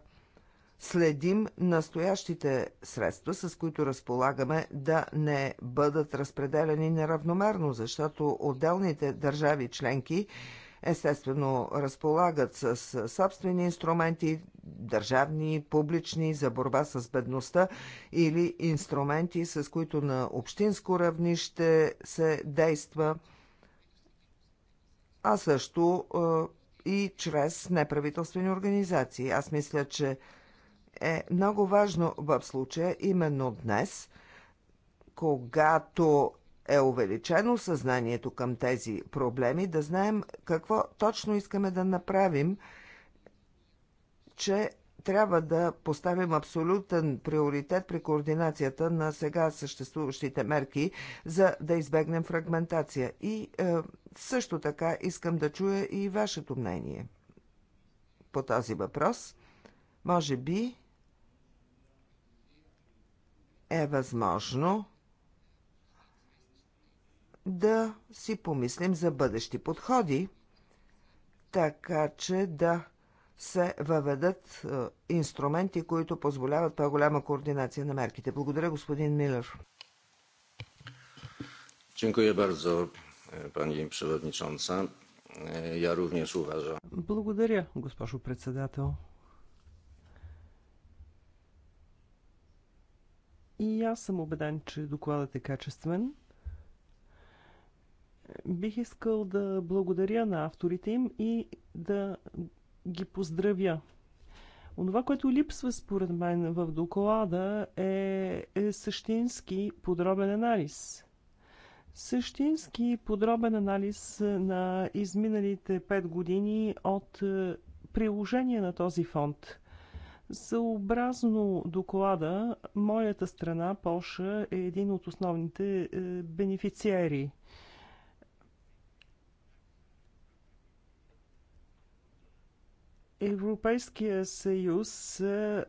Speaker 3: следим настоящите средства, с които разполагаме, да не бъдат разпределени неравномерно, защото отделните държави членки естествено разполагат с собствени инструменти, държавни, публични, за борба с бедността или инструменти, с които на общинско равнище се действа, а също е, и чрез неправителствени организации. Аз мисля, че е много важно в случая именно днес, когато е увеличено съзнанието към тези проблеми, да знаем какво точно искаме да направим, че трябва да поставим абсолютен приоритет при координацията на сега съществуващите мерки, за да избегнем фрагментация. И е, също така искам да чуя и вашето мнение по този въпрос. Може би е възможно да си помислим за бъдещи подходи, така че да се въведат е, инструменти, които позволяват по-голяма координация на мерките. Благодаря, господин Милер. Dziękuję bardzo, e, pani przewodnicząca.
Speaker 1: E, ja również uważam.
Speaker 2: Благодаря, госпожо председател. И аз съм убеден, че докладът е качествен. Бих искал да благодаря на авторите им и да ги поздравя. Онова, което липсва според мен в доклада е, е същински подробен анализ. Същински подробен анализ на изминалите 5 години от приложение на този фонд. Съобразно доклада, моята страна, Польша, е един от основните е, бенефициери. Европейския съюз е,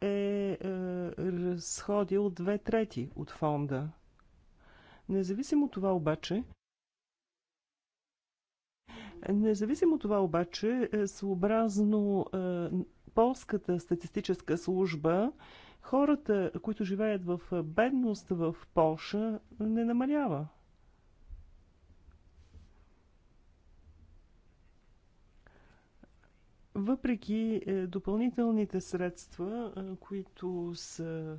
Speaker 2: е, е разходил две трети от фонда. Независимо от това обаче, независимо от това обаче, съобразно полската статистическа служба, хората, които живеят в бедност в Полша, не намалява. Въпреки е, допълнителните средства, е, които са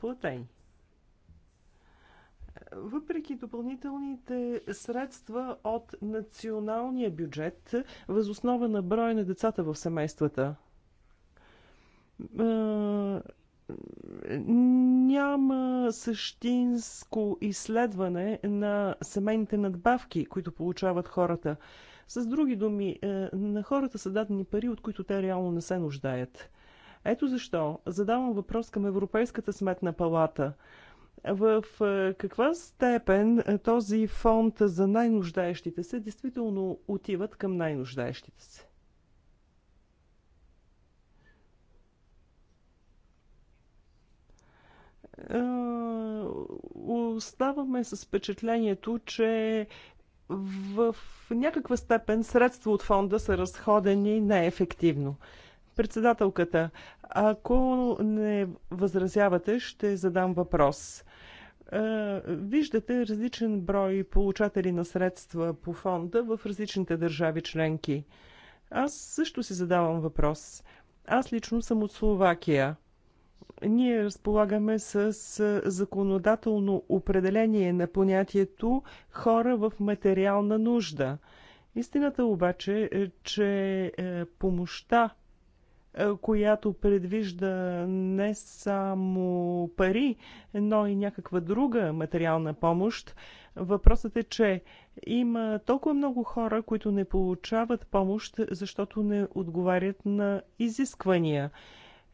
Speaker 2: платени. Въпреки допълнителните средства от националния бюджет, възоснова на броя на децата в семействата, няма същинско изследване на семейните надбавки, които получават хората. С други думи, на хората са дадени пари, от които те реално не се нуждаят. Ето защо задавам въпрос към Европейската сметна палата – в каква степен този фонд за най-нуждаещите се действително отиват към най-нуждаещите се? Оставаме с впечатлението, че в някаква степен средства от фонда са разходени неефективно. Председателката, ако не възразявате, ще задам въпрос. Е, виждате различен брой получатели на средства по фонда в различните държави членки. Аз също си задавам въпрос. Аз лично съм от Словакия. Ние разполагаме с е, законодателно определение на понятието хора в материална нужда. Истината обаче е, че е, помощта е, която предвижда не само пари, но и някаква друга материална помощ. Въпросът е, че има толкова много хора, които не получават помощ, защото не отговарят на изисквания.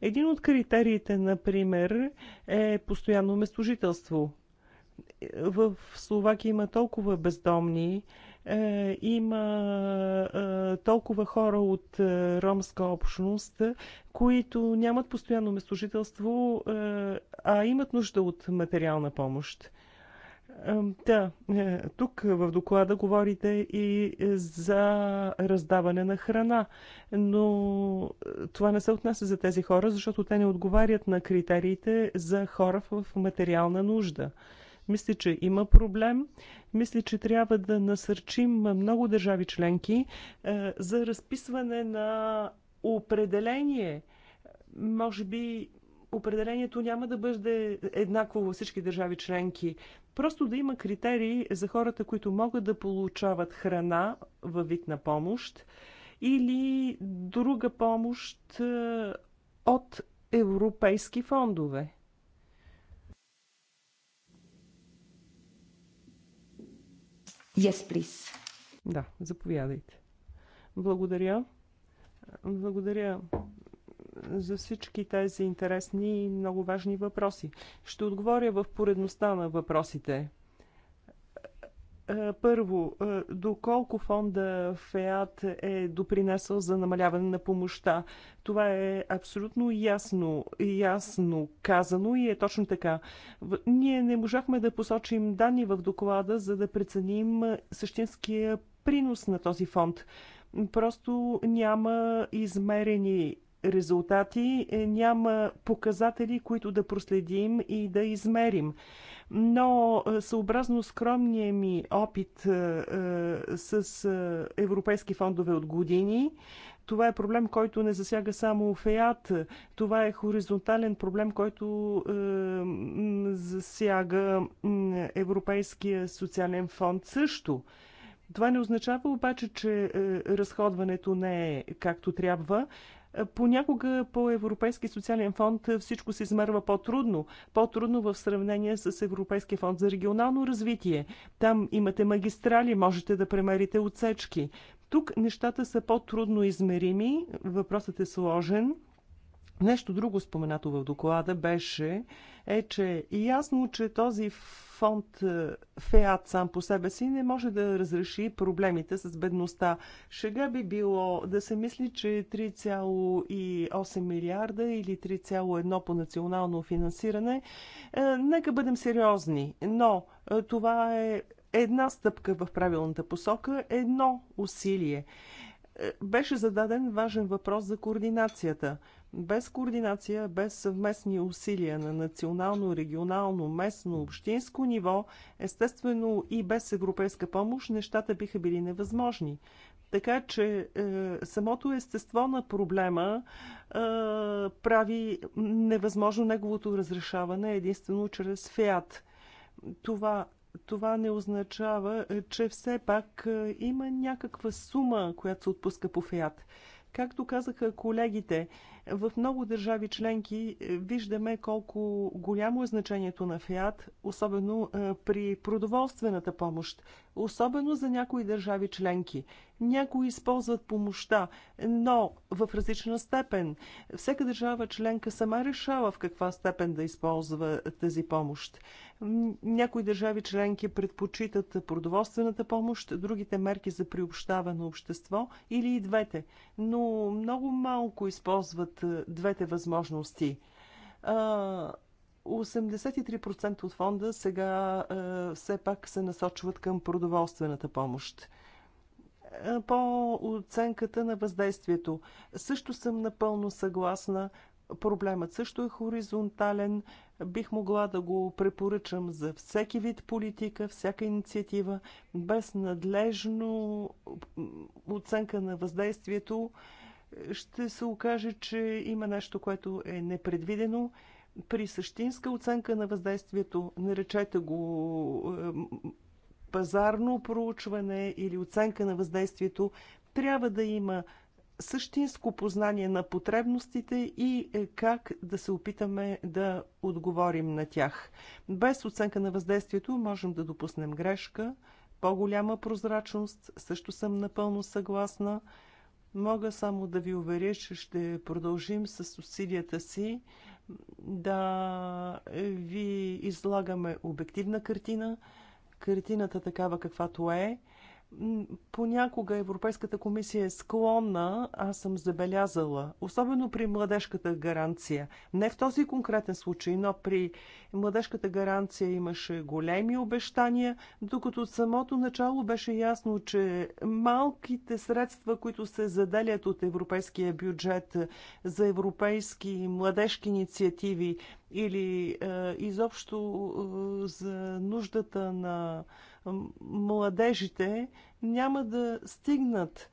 Speaker 2: Един от критериите, например, е постоянно местожителство. В Словакия има толкова бездомни, е, има е, толкова хора от е, ромска общност, които нямат постоянно местожителство, а имат нужда от материална помощ. Да, тук в доклада говорите и за раздаване на храна, но това не се отнася за тези хора, защото те не отговарят на критериите за хора в материална нужда. Мисля, че има проблем. Мисля, че трябва да насърчим много държави членки е, за разписване на определение. Може би определението няма да бъде еднакво във всички държави членки. Просто да има критерии за хората, които могат да получават храна във вид на помощ или друга помощ е, от европейски фондове. Yes, please. Да, заповядайте. Благодаря. Благодаря за всички тези интересни и много важни въпроси. Ще отговоря в поредността на въпросите. Е, първо, е, доколко фонда ФЕАТ е допринесъл за намаляване на помощта? Това е абсолютно ясно, ясно казано и е точно така. Ние не можахме да посочим данни в доклада, за да преценим същинския принос на този фонд. Просто няма измерени резултати, е, няма показатели, които да проследим и да измерим. Но е, съобразно скромния ми опит е, с европейски фондове от години, това е проблем, който не засяга само ФЕАТ. Това е хоризонтален проблем, който е, засяга Европейския социален фонд също. Това не означава обаче, че е, разходването не е както трябва. Понякога по Европейски социален фонд всичко се измерва по-трудно. По-трудно в сравнение с Европейския фонд за регионално развитие. Там имате магистрали, можете да премерите отсечки. Тук нещата са по-трудно измерими, въпросът е сложен – Нещо друго споменато в доклада беше, е, че е ясно, че този фонд е, ФЕАТ сам по себе си не може да разреши проблемите с бедността. Шега би било да се мисли, че 3,8 милиарда или 3,1 по национално финансиране. Е, нека бъдем сериозни, но това е една стъпка в правилната посока, едно усилие беше зададен важен въпрос за координацията. Без координация, без съвместни усилия на национално, регионално, местно, общинско ниво, естествено и без европейска помощ, нещата биха били невъзможни. Така че е, самото естество на проблема е, прави невъзможно неговото разрешаване единствено чрез фиат. Това това не означава, е, че все пак е, има някаква сума, която се отпуска по ФИАТ. Както казаха колегите, в много държави членки е, виждаме колко голямо е значението на ФИАТ, особено е, при продоволствената помощ, особено за някои държави членки. Някои използват помощта, но в различна степен. Всяка държава членка сама решава в каква степен да използва тази помощ. Някои държави членки предпочитат продоволствената помощ, другите мерки за приобщаване на общество или и двете, но много малко използват двете възможности. 83% от фонда сега все пак се насочват към продоволствената помощ по оценката на въздействието. Също съм напълно съгласна. Проблемът също е хоризонтален. Бих могла да го препоръчам за всеки вид политика, всяка инициатива, без надлежно оценка на въздействието ще се окаже, че има нещо, което е непредвидено. При същинска оценка на въздействието, наречете го пазарно проучване или оценка на въздействието, трябва да има същинско познание на потребностите и е, как да се опитаме да отговорим на тях. Без оценка на въздействието можем да допуснем грешка, по-голяма прозрачност, също съм напълно съгласна. Мога само да ви уверя, че ще продължим с усилията си да ви излагаме обективна картина, картината такава каквато е, Понякога Европейската комисия е склонна, аз съм забелязала, особено при младежката гаранция. Не в този конкретен случай, но при младежката гаранция имаше големи обещания, докато от самото начало беше ясно, че малките средства, които се заделят от европейския бюджет за европейски младежки инициативи или е, изобщо е, за нуждата на младежите няма да стигнат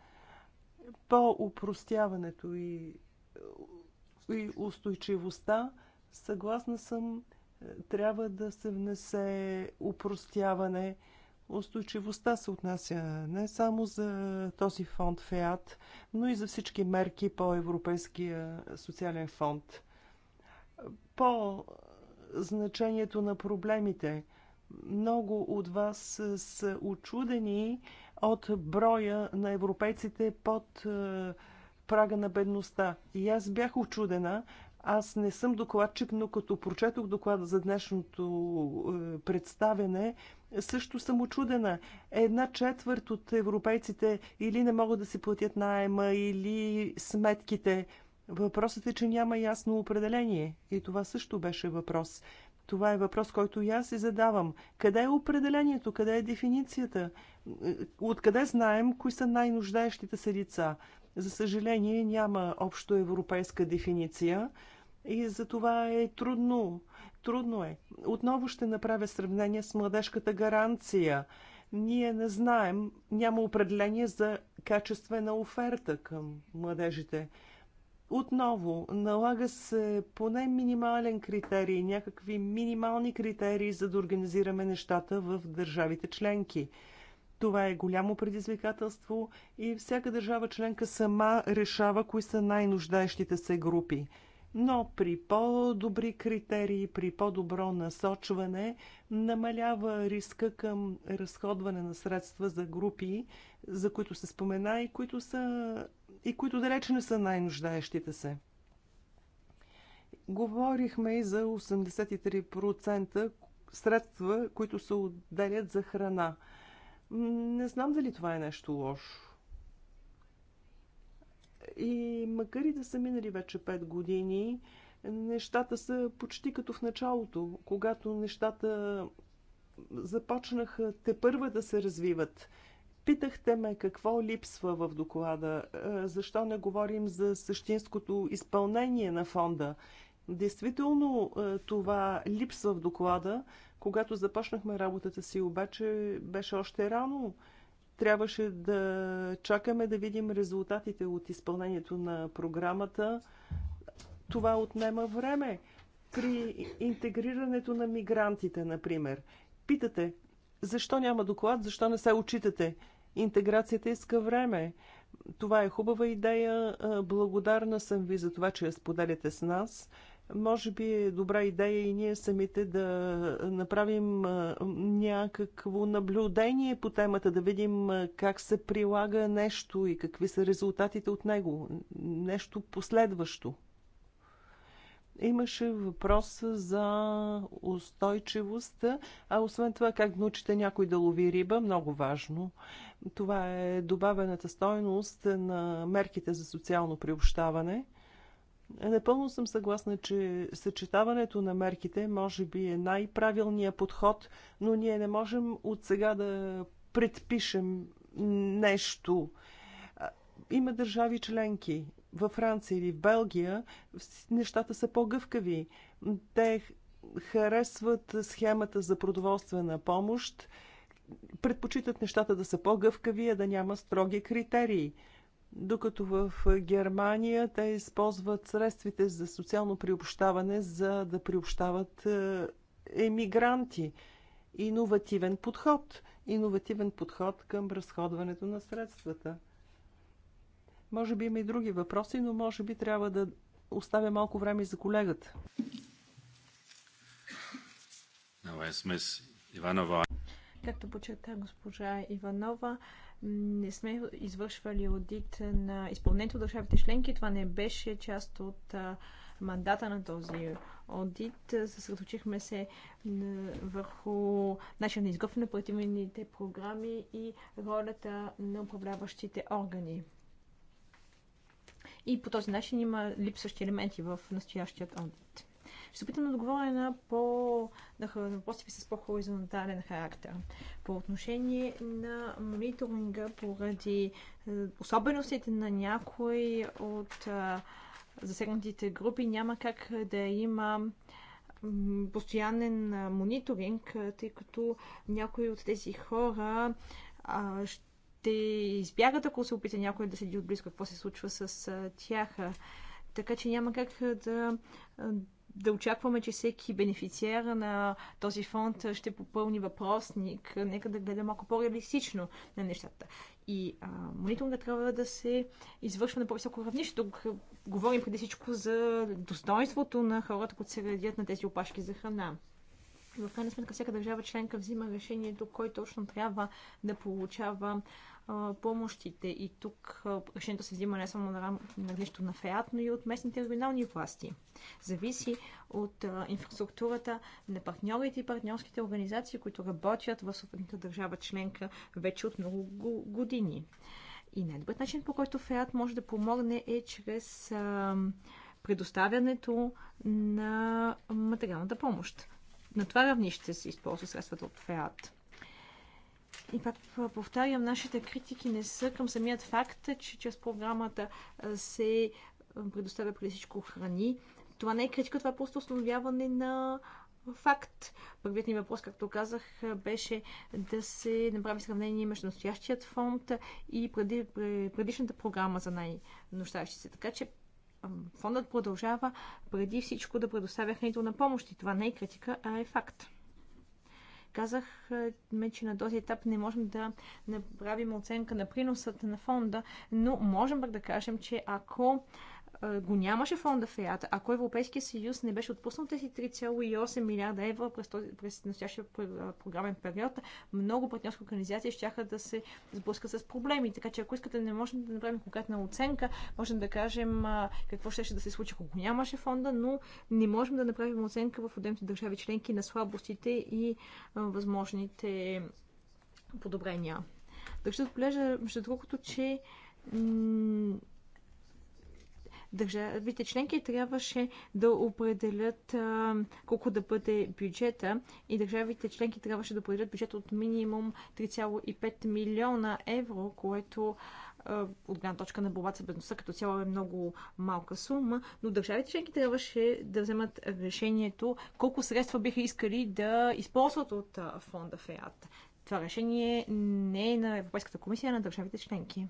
Speaker 2: по упростяването и, и устойчивостта. Съгласна съм, е, трябва да се внесе упростяване. Устойчивостта се отнася не само за този фонд ФЕАТ, но и за всички мерки по Европейския социален фонд. По значението на проблемите – много от вас са очудени от броя на европейците под е, прага на бедността. И аз бях очудена. Аз не съм докладчик, но като прочетох доклада за днешното е, представяне, също съм очудена. Една четвърт от европейците или не могат да си платят найема, или сметките. Въпросът е, че няма ясно определение. И това също беше въпрос. Това е въпрос, който и аз си задавам. Къде е определението? Къде е дефиницията? Откъде знаем кои са най-нуждаещите се лица? За съжаление няма общо европейска дефиниция и за това е трудно. Трудно е. Отново ще направя сравнение с младежката гаранция. Ние не знаем, няма определение за качествена оферта към младежите. Отново, налага се поне минимален критерий, някакви минимални критерии, за да организираме нещата в държавите членки. Това е голямо предизвикателство и всяка държава членка сама решава кои са най-нуждаещите се групи. Но при по-добри критерии, при по-добро насочване, намалява риска към разходване на средства за групи, за които се спомена и които са и които далеч не са най-нуждаещите се. Говорихме и за 83% средства, които се отделят за храна. Не знам дали това е нещо лошо. И макар и да са минали вече 5 години, нещата са почти като в началото, когато нещата започнаха те първа да се развиват – Питахте ме какво липсва в доклада, е, защо не говорим за същинското изпълнение на фонда. Действително е, това липсва в доклада. Когато започнахме работата си, обаче беше още рано. Трябваше да чакаме да видим резултатите от изпълнението на програмата. Това отнема време. При интегрирането на мигрантите, например, питате, защо няма доклад, защо не се отчитате? Интеграцията иска време. Това е хубава идея. Благодарна съм ви за това, че я споделяте с нас. Може би е добра идея и ние самите да направим някакво наблюдение по темата, да видим как се прилага нещо и какви са резултатите от него. Нещо последващо. Имаше въпрос за устойчивост, а освен това как научите някой да лови риба, много важно. Това е добавената стойност на мерките за социално приобщаване. Напълно съм съгласна, че съчетаването на мерките може би е най-правилният подход, но ние не можем от сега да предпишем нещо. Има държави членки, във Франция или в Белгия нещата са по-гъвкави. Те харесват схемата за продоволствена помощ, предпочитат нещата да са по-гъвкави, а да няма строги критерии. Докато в Германия те използват средствите за социално приобщаване, за да приобщават е, емигранти. Иновативен подход. Иновативен подход към разходването на средствата. Може би има и други въпроси, но може би трябва да оставя малко време
Speaker 1: и за колегата. Както почета госпожа Иванова, не сме извършвали аудит на изпълнението държавите членки. Това не беше част от мандата на този аудит. Съсредоточихме се върху начин на изготвяне на оперативните програми и ролята на управляващите органи и по този начин има липсващи елементи в настоящият аудит. Ще се опитам да отговоря на, по, на въпроси с по-хоризонтален характер. По отношение на мониторинга, поради е, особеностите на някои от е, засегнатите групи, няма как да има постоянен е, мониторинг, тъй като някои от тези хора а, ще те избягат, ако се опита някой да седи отблизо какво се случва с тях. Така че няма как да да очакваме, че всеки бенефициер на този фонд ще попълни въпросник. Нека да гледаме малко по-реалистично на нещата. И а, мониторинга трябва да се извършва на по-високо равнище. Тук говорим преди всичко за достоинството на хората, които се редят на тези опашки за храна. В крайна сметка всяка държава членка взима решението кой точно трябва да получава помощите. И тук решението се взима не само на равнището на ФЕАТ, но и от местните регионални власти. Зависи от инфраструктурата на партньорите и партньорските организации, които работят в съответната държава членка вече от много години. И най-добрият начин, по който ФЕАТ може да помогне е чрез предоставянето на материалната помощ. На това равнище се използва средствата от ФЕАТ. И пак повтарям, нашите критики не са към самият факт, че чрез програмата се предоставя преди всичко храни. Това не е критика, това е просто установяване на факт. Първият ни въпрос, както казах, беше да се направи сравнение между настоящият фонд и преди, предишната програма за най нощащи се. Така че фондът продължава преди всичко да предоставя хранителна помощ. И това не е критика, а е факт. Казахме, е, че на този етап не можем да направим оценка на приносът на фонда, но можем пък да кажем, че ако го нямаше фонда ЕАТа. ако Европейския съюз не беше отпуснал тези 3,8 милиарда евро през, този, през настоящия програмен период, много партньорски организации ще да се сблъскат с проблеми. Така че ако искате, не можем да направим конкретна оценка, можем да кажем какво ще, ще да се случи, ако го нямаше фонда, но не можем да направим оценка в отделните държави членки на слабостите и възможните подобрения. Държа да отбележа, между другото, че Държавите членки трябваше да определят а, колко да бъде бюджета и държавите членки трябваше да определят бюджет от минимум 3,5 милиона евро, което от гледна точка на борбата с бедността като цяло е много малка сума, но държавите членки трябваше да вземат решението колко средства биха искали да използват от фонда ФЕАТ. Това решение не е на Европейската комисия, а на държавите членки.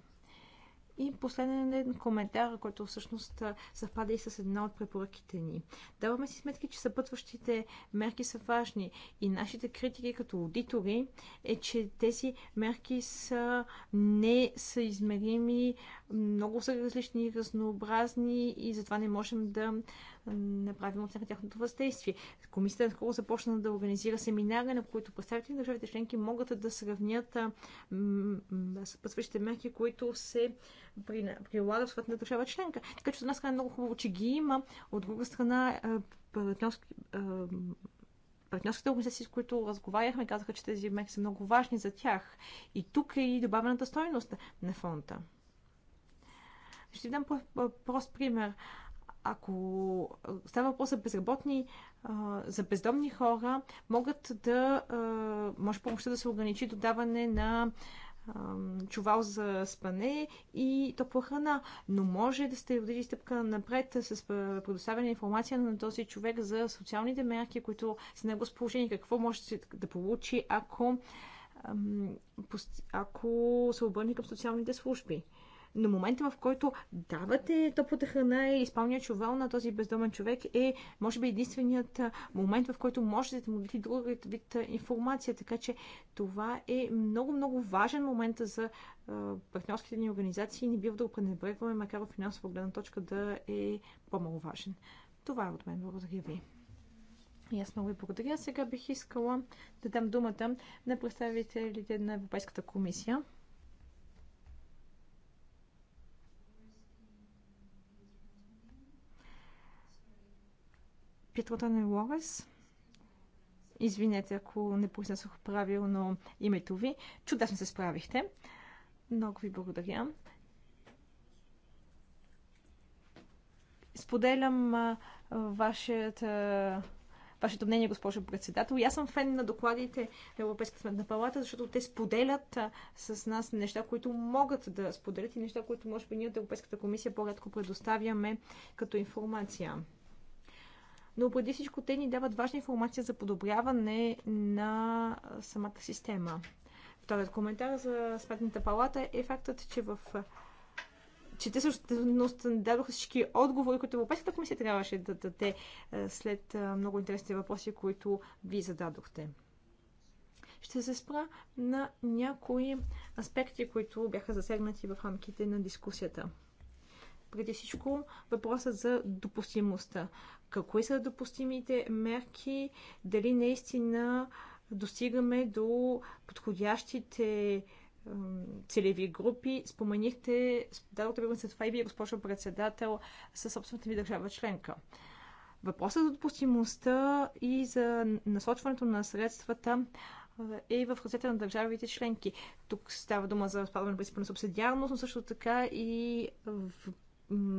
Speaker 1: И последен коментар, който всъщност съвпада и с една от препоръките ни. Даваме си сметки, че съпътващите мерки са важни и нашите критики като аудитори е, че тези мерки са несъизмерими, много са различни, разнообразни и затова не можем да направим оценка тяхното въздействие. Комисията скоро започна да организира семинари, на които представители на държавите членки могат да сравнят съпътстващите мерки, които се прилагат в съответната държава членка. Така че от една страна е много хубаво, че ги има, от друга страна партньорски партньорските организации, с които разговаряхме, казаха, че тези мерки са много важни за тях. И тук е и добавената стойност на фонда. Ще ви дам прост пример ако става въпрос за безработни, за бездомни хора, могат да, може помощта да се ограничи до даване на чувал за спане и топла храна. Но може да сте родили стъпка напред с предоставяне информация на този човек за социалните мерки, които са на него сположени, Какво може да получи, ако, ако се обърне към социалните служби но момента в който давате топлата храна и изпълня чувал на този бездомен човек е, може би, единственият момент, в който можете да му дадете друг вид информация. Така че това е много, много важен момент за партньорските ни организации. Не бива да го пренебрегваме, макар в финансова гледна точка да е по-маловажен. Това е от мен. Благодаря ви. И аз много ви благодаря. Сега бих искала да дам думата на представителите на Европейската комисия. Петро Донен Лорес. Извинете, ако не произнесох правилно името ви. Чудесно се справихте. Много ви благодаря. Споделям а, вашата вашето мнение, госпожо председател. И аз съм фен на докладите на Европейската сметна палата, защото те споделят с нас неща, които могат да споделят и неща, които може би ние от Европейската комисия по-рядко предоставяме като информация но преди всичко те ни дават важна информация за подобряване на самата система. Вторият коментар за Сметната палата е фактът, че в че те също дадоха всички отговори, които Европейската комисия трябваше да даде след много интересните въпроси, които ви зададохте. Ще се спра на някои аспекти, които бяха засегнати в рамките на дискусията преди всичко въпросът за допустимостта. Какви са допустимите мерки? Дали наистина достигаме до подходящите целеви групи. Споменихте, дадохте пример с това и вие, госпожо председател, със собствената ви държава членка. Въпросът за допустимостта и за насочването на средствата е в ръцете на държавите членки. Тук става дума за спазване на принципа на субсидиарност, но също така и в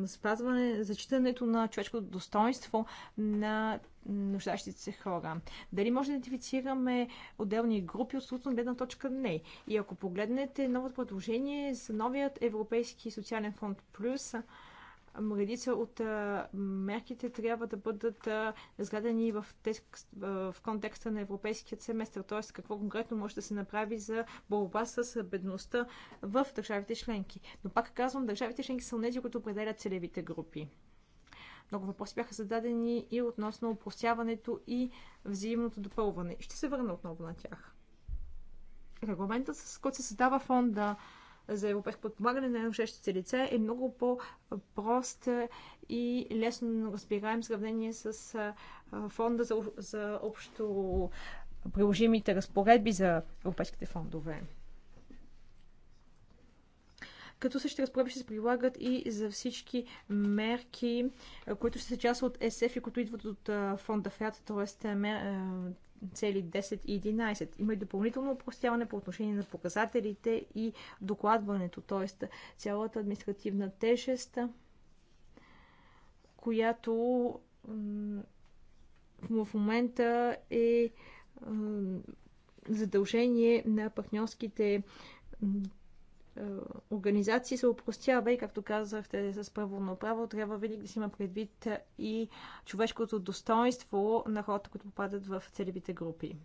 Speaker 1: спазване, зачитането на човешкото достоинство на нуждащите се хора. Дали може да идентифицираме отделни групи от структурна гледна точка? Не. И ако погледнете новото предложение за новият Европейски социален фонд Плюс, редица от мерките трябва да бъдат разгледани в, текст, в контекста на европейският семестър, т.е. какво конкретно може да се направи за борба с бедността в държавите членки. Но пак казвам, държавите членки са тези, които определят целевите групи. Много въпроси бяха зададени и относно опростяването и взаимното допълване. Ще се върна отново на тях. Регламентът, с който се създава фонда за европейско подпомагане на неушещите лица е много по-прост и лесно разбираем в сравнение с фонда за, за общо приложимите разпоредби за европейските фондове като същите разпоредби ще се прилагат и за всички мерки, които ще са част от СФ и които идват от фонда ФЕАТ, т.е. цели 10 и 11. Има и допълнително упростяване по отношение на показателите и докладването, т.е. цялата административна тежест, която в момента е задължение на партньорските е, организации се упростява и, както казахте, с право на право, трябва винаги да си има предвид и човешкото достоинство на хората, които попадат в целевите групи.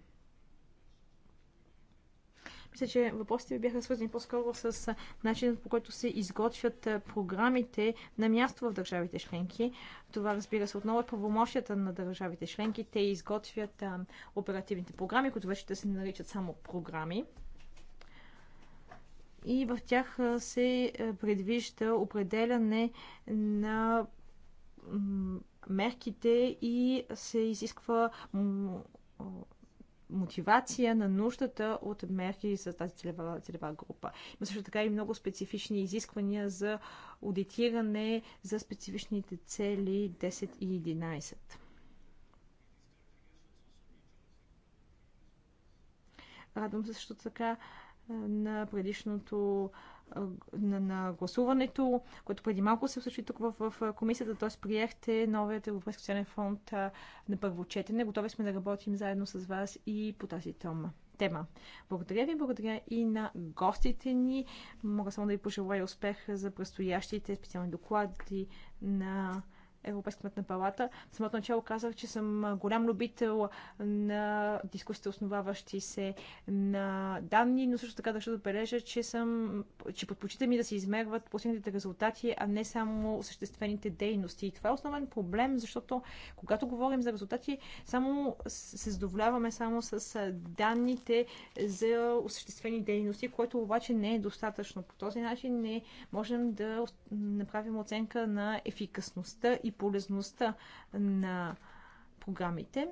Speaker 1: Мисля, че въпросите ви бяха свързани по-скоро с начинът по който се изготвят програмите на място в държавите членки. Това, разбира се, отново е правомощията на държавите членки. Те изготвят оперативните програми, които вече да се наричат само програми и в тях се е, предвижда определяне на мерките и се изисква мотивация на нуждата от мерки за тази целева, целева група. Има също така и много специфични изисквания за аудитиране за специфичните цели 10 и 11. Радвам се също така, на предишното на, на гласуването, което преди малко се случи тук в, в комисията, т.е. приехте новият Европейски социален фонд а, на първо четене. Готови сме да работим заедно с вас и по тази тема. тема. Благодаря ви, благодаря и на гостите ни. Мога само да ви пожелая успех за предстоящите специални доклади на Европейската сметна палата. В самото начало казах, че съм голям любител на дискусите, основаващи се на данни, но също така държа да отбележа, че, съм, че предпочитам ми да се измерват последните резултати, а не само осъществените дейности. И това е основен проблем, защото когато говорим за резултати, само се задоволяваме само с данните за осъществени дейности, което обаче не е достатъчно. По този начин не можем да направим оценка на ефикасността и полезността на програмите.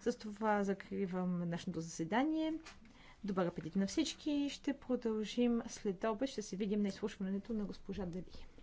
Speaker 1: С това закривам днешното заседание. Добър апетит на всички. Ще продължим след обед. Ще се видим на изслушването на госпожа Дали.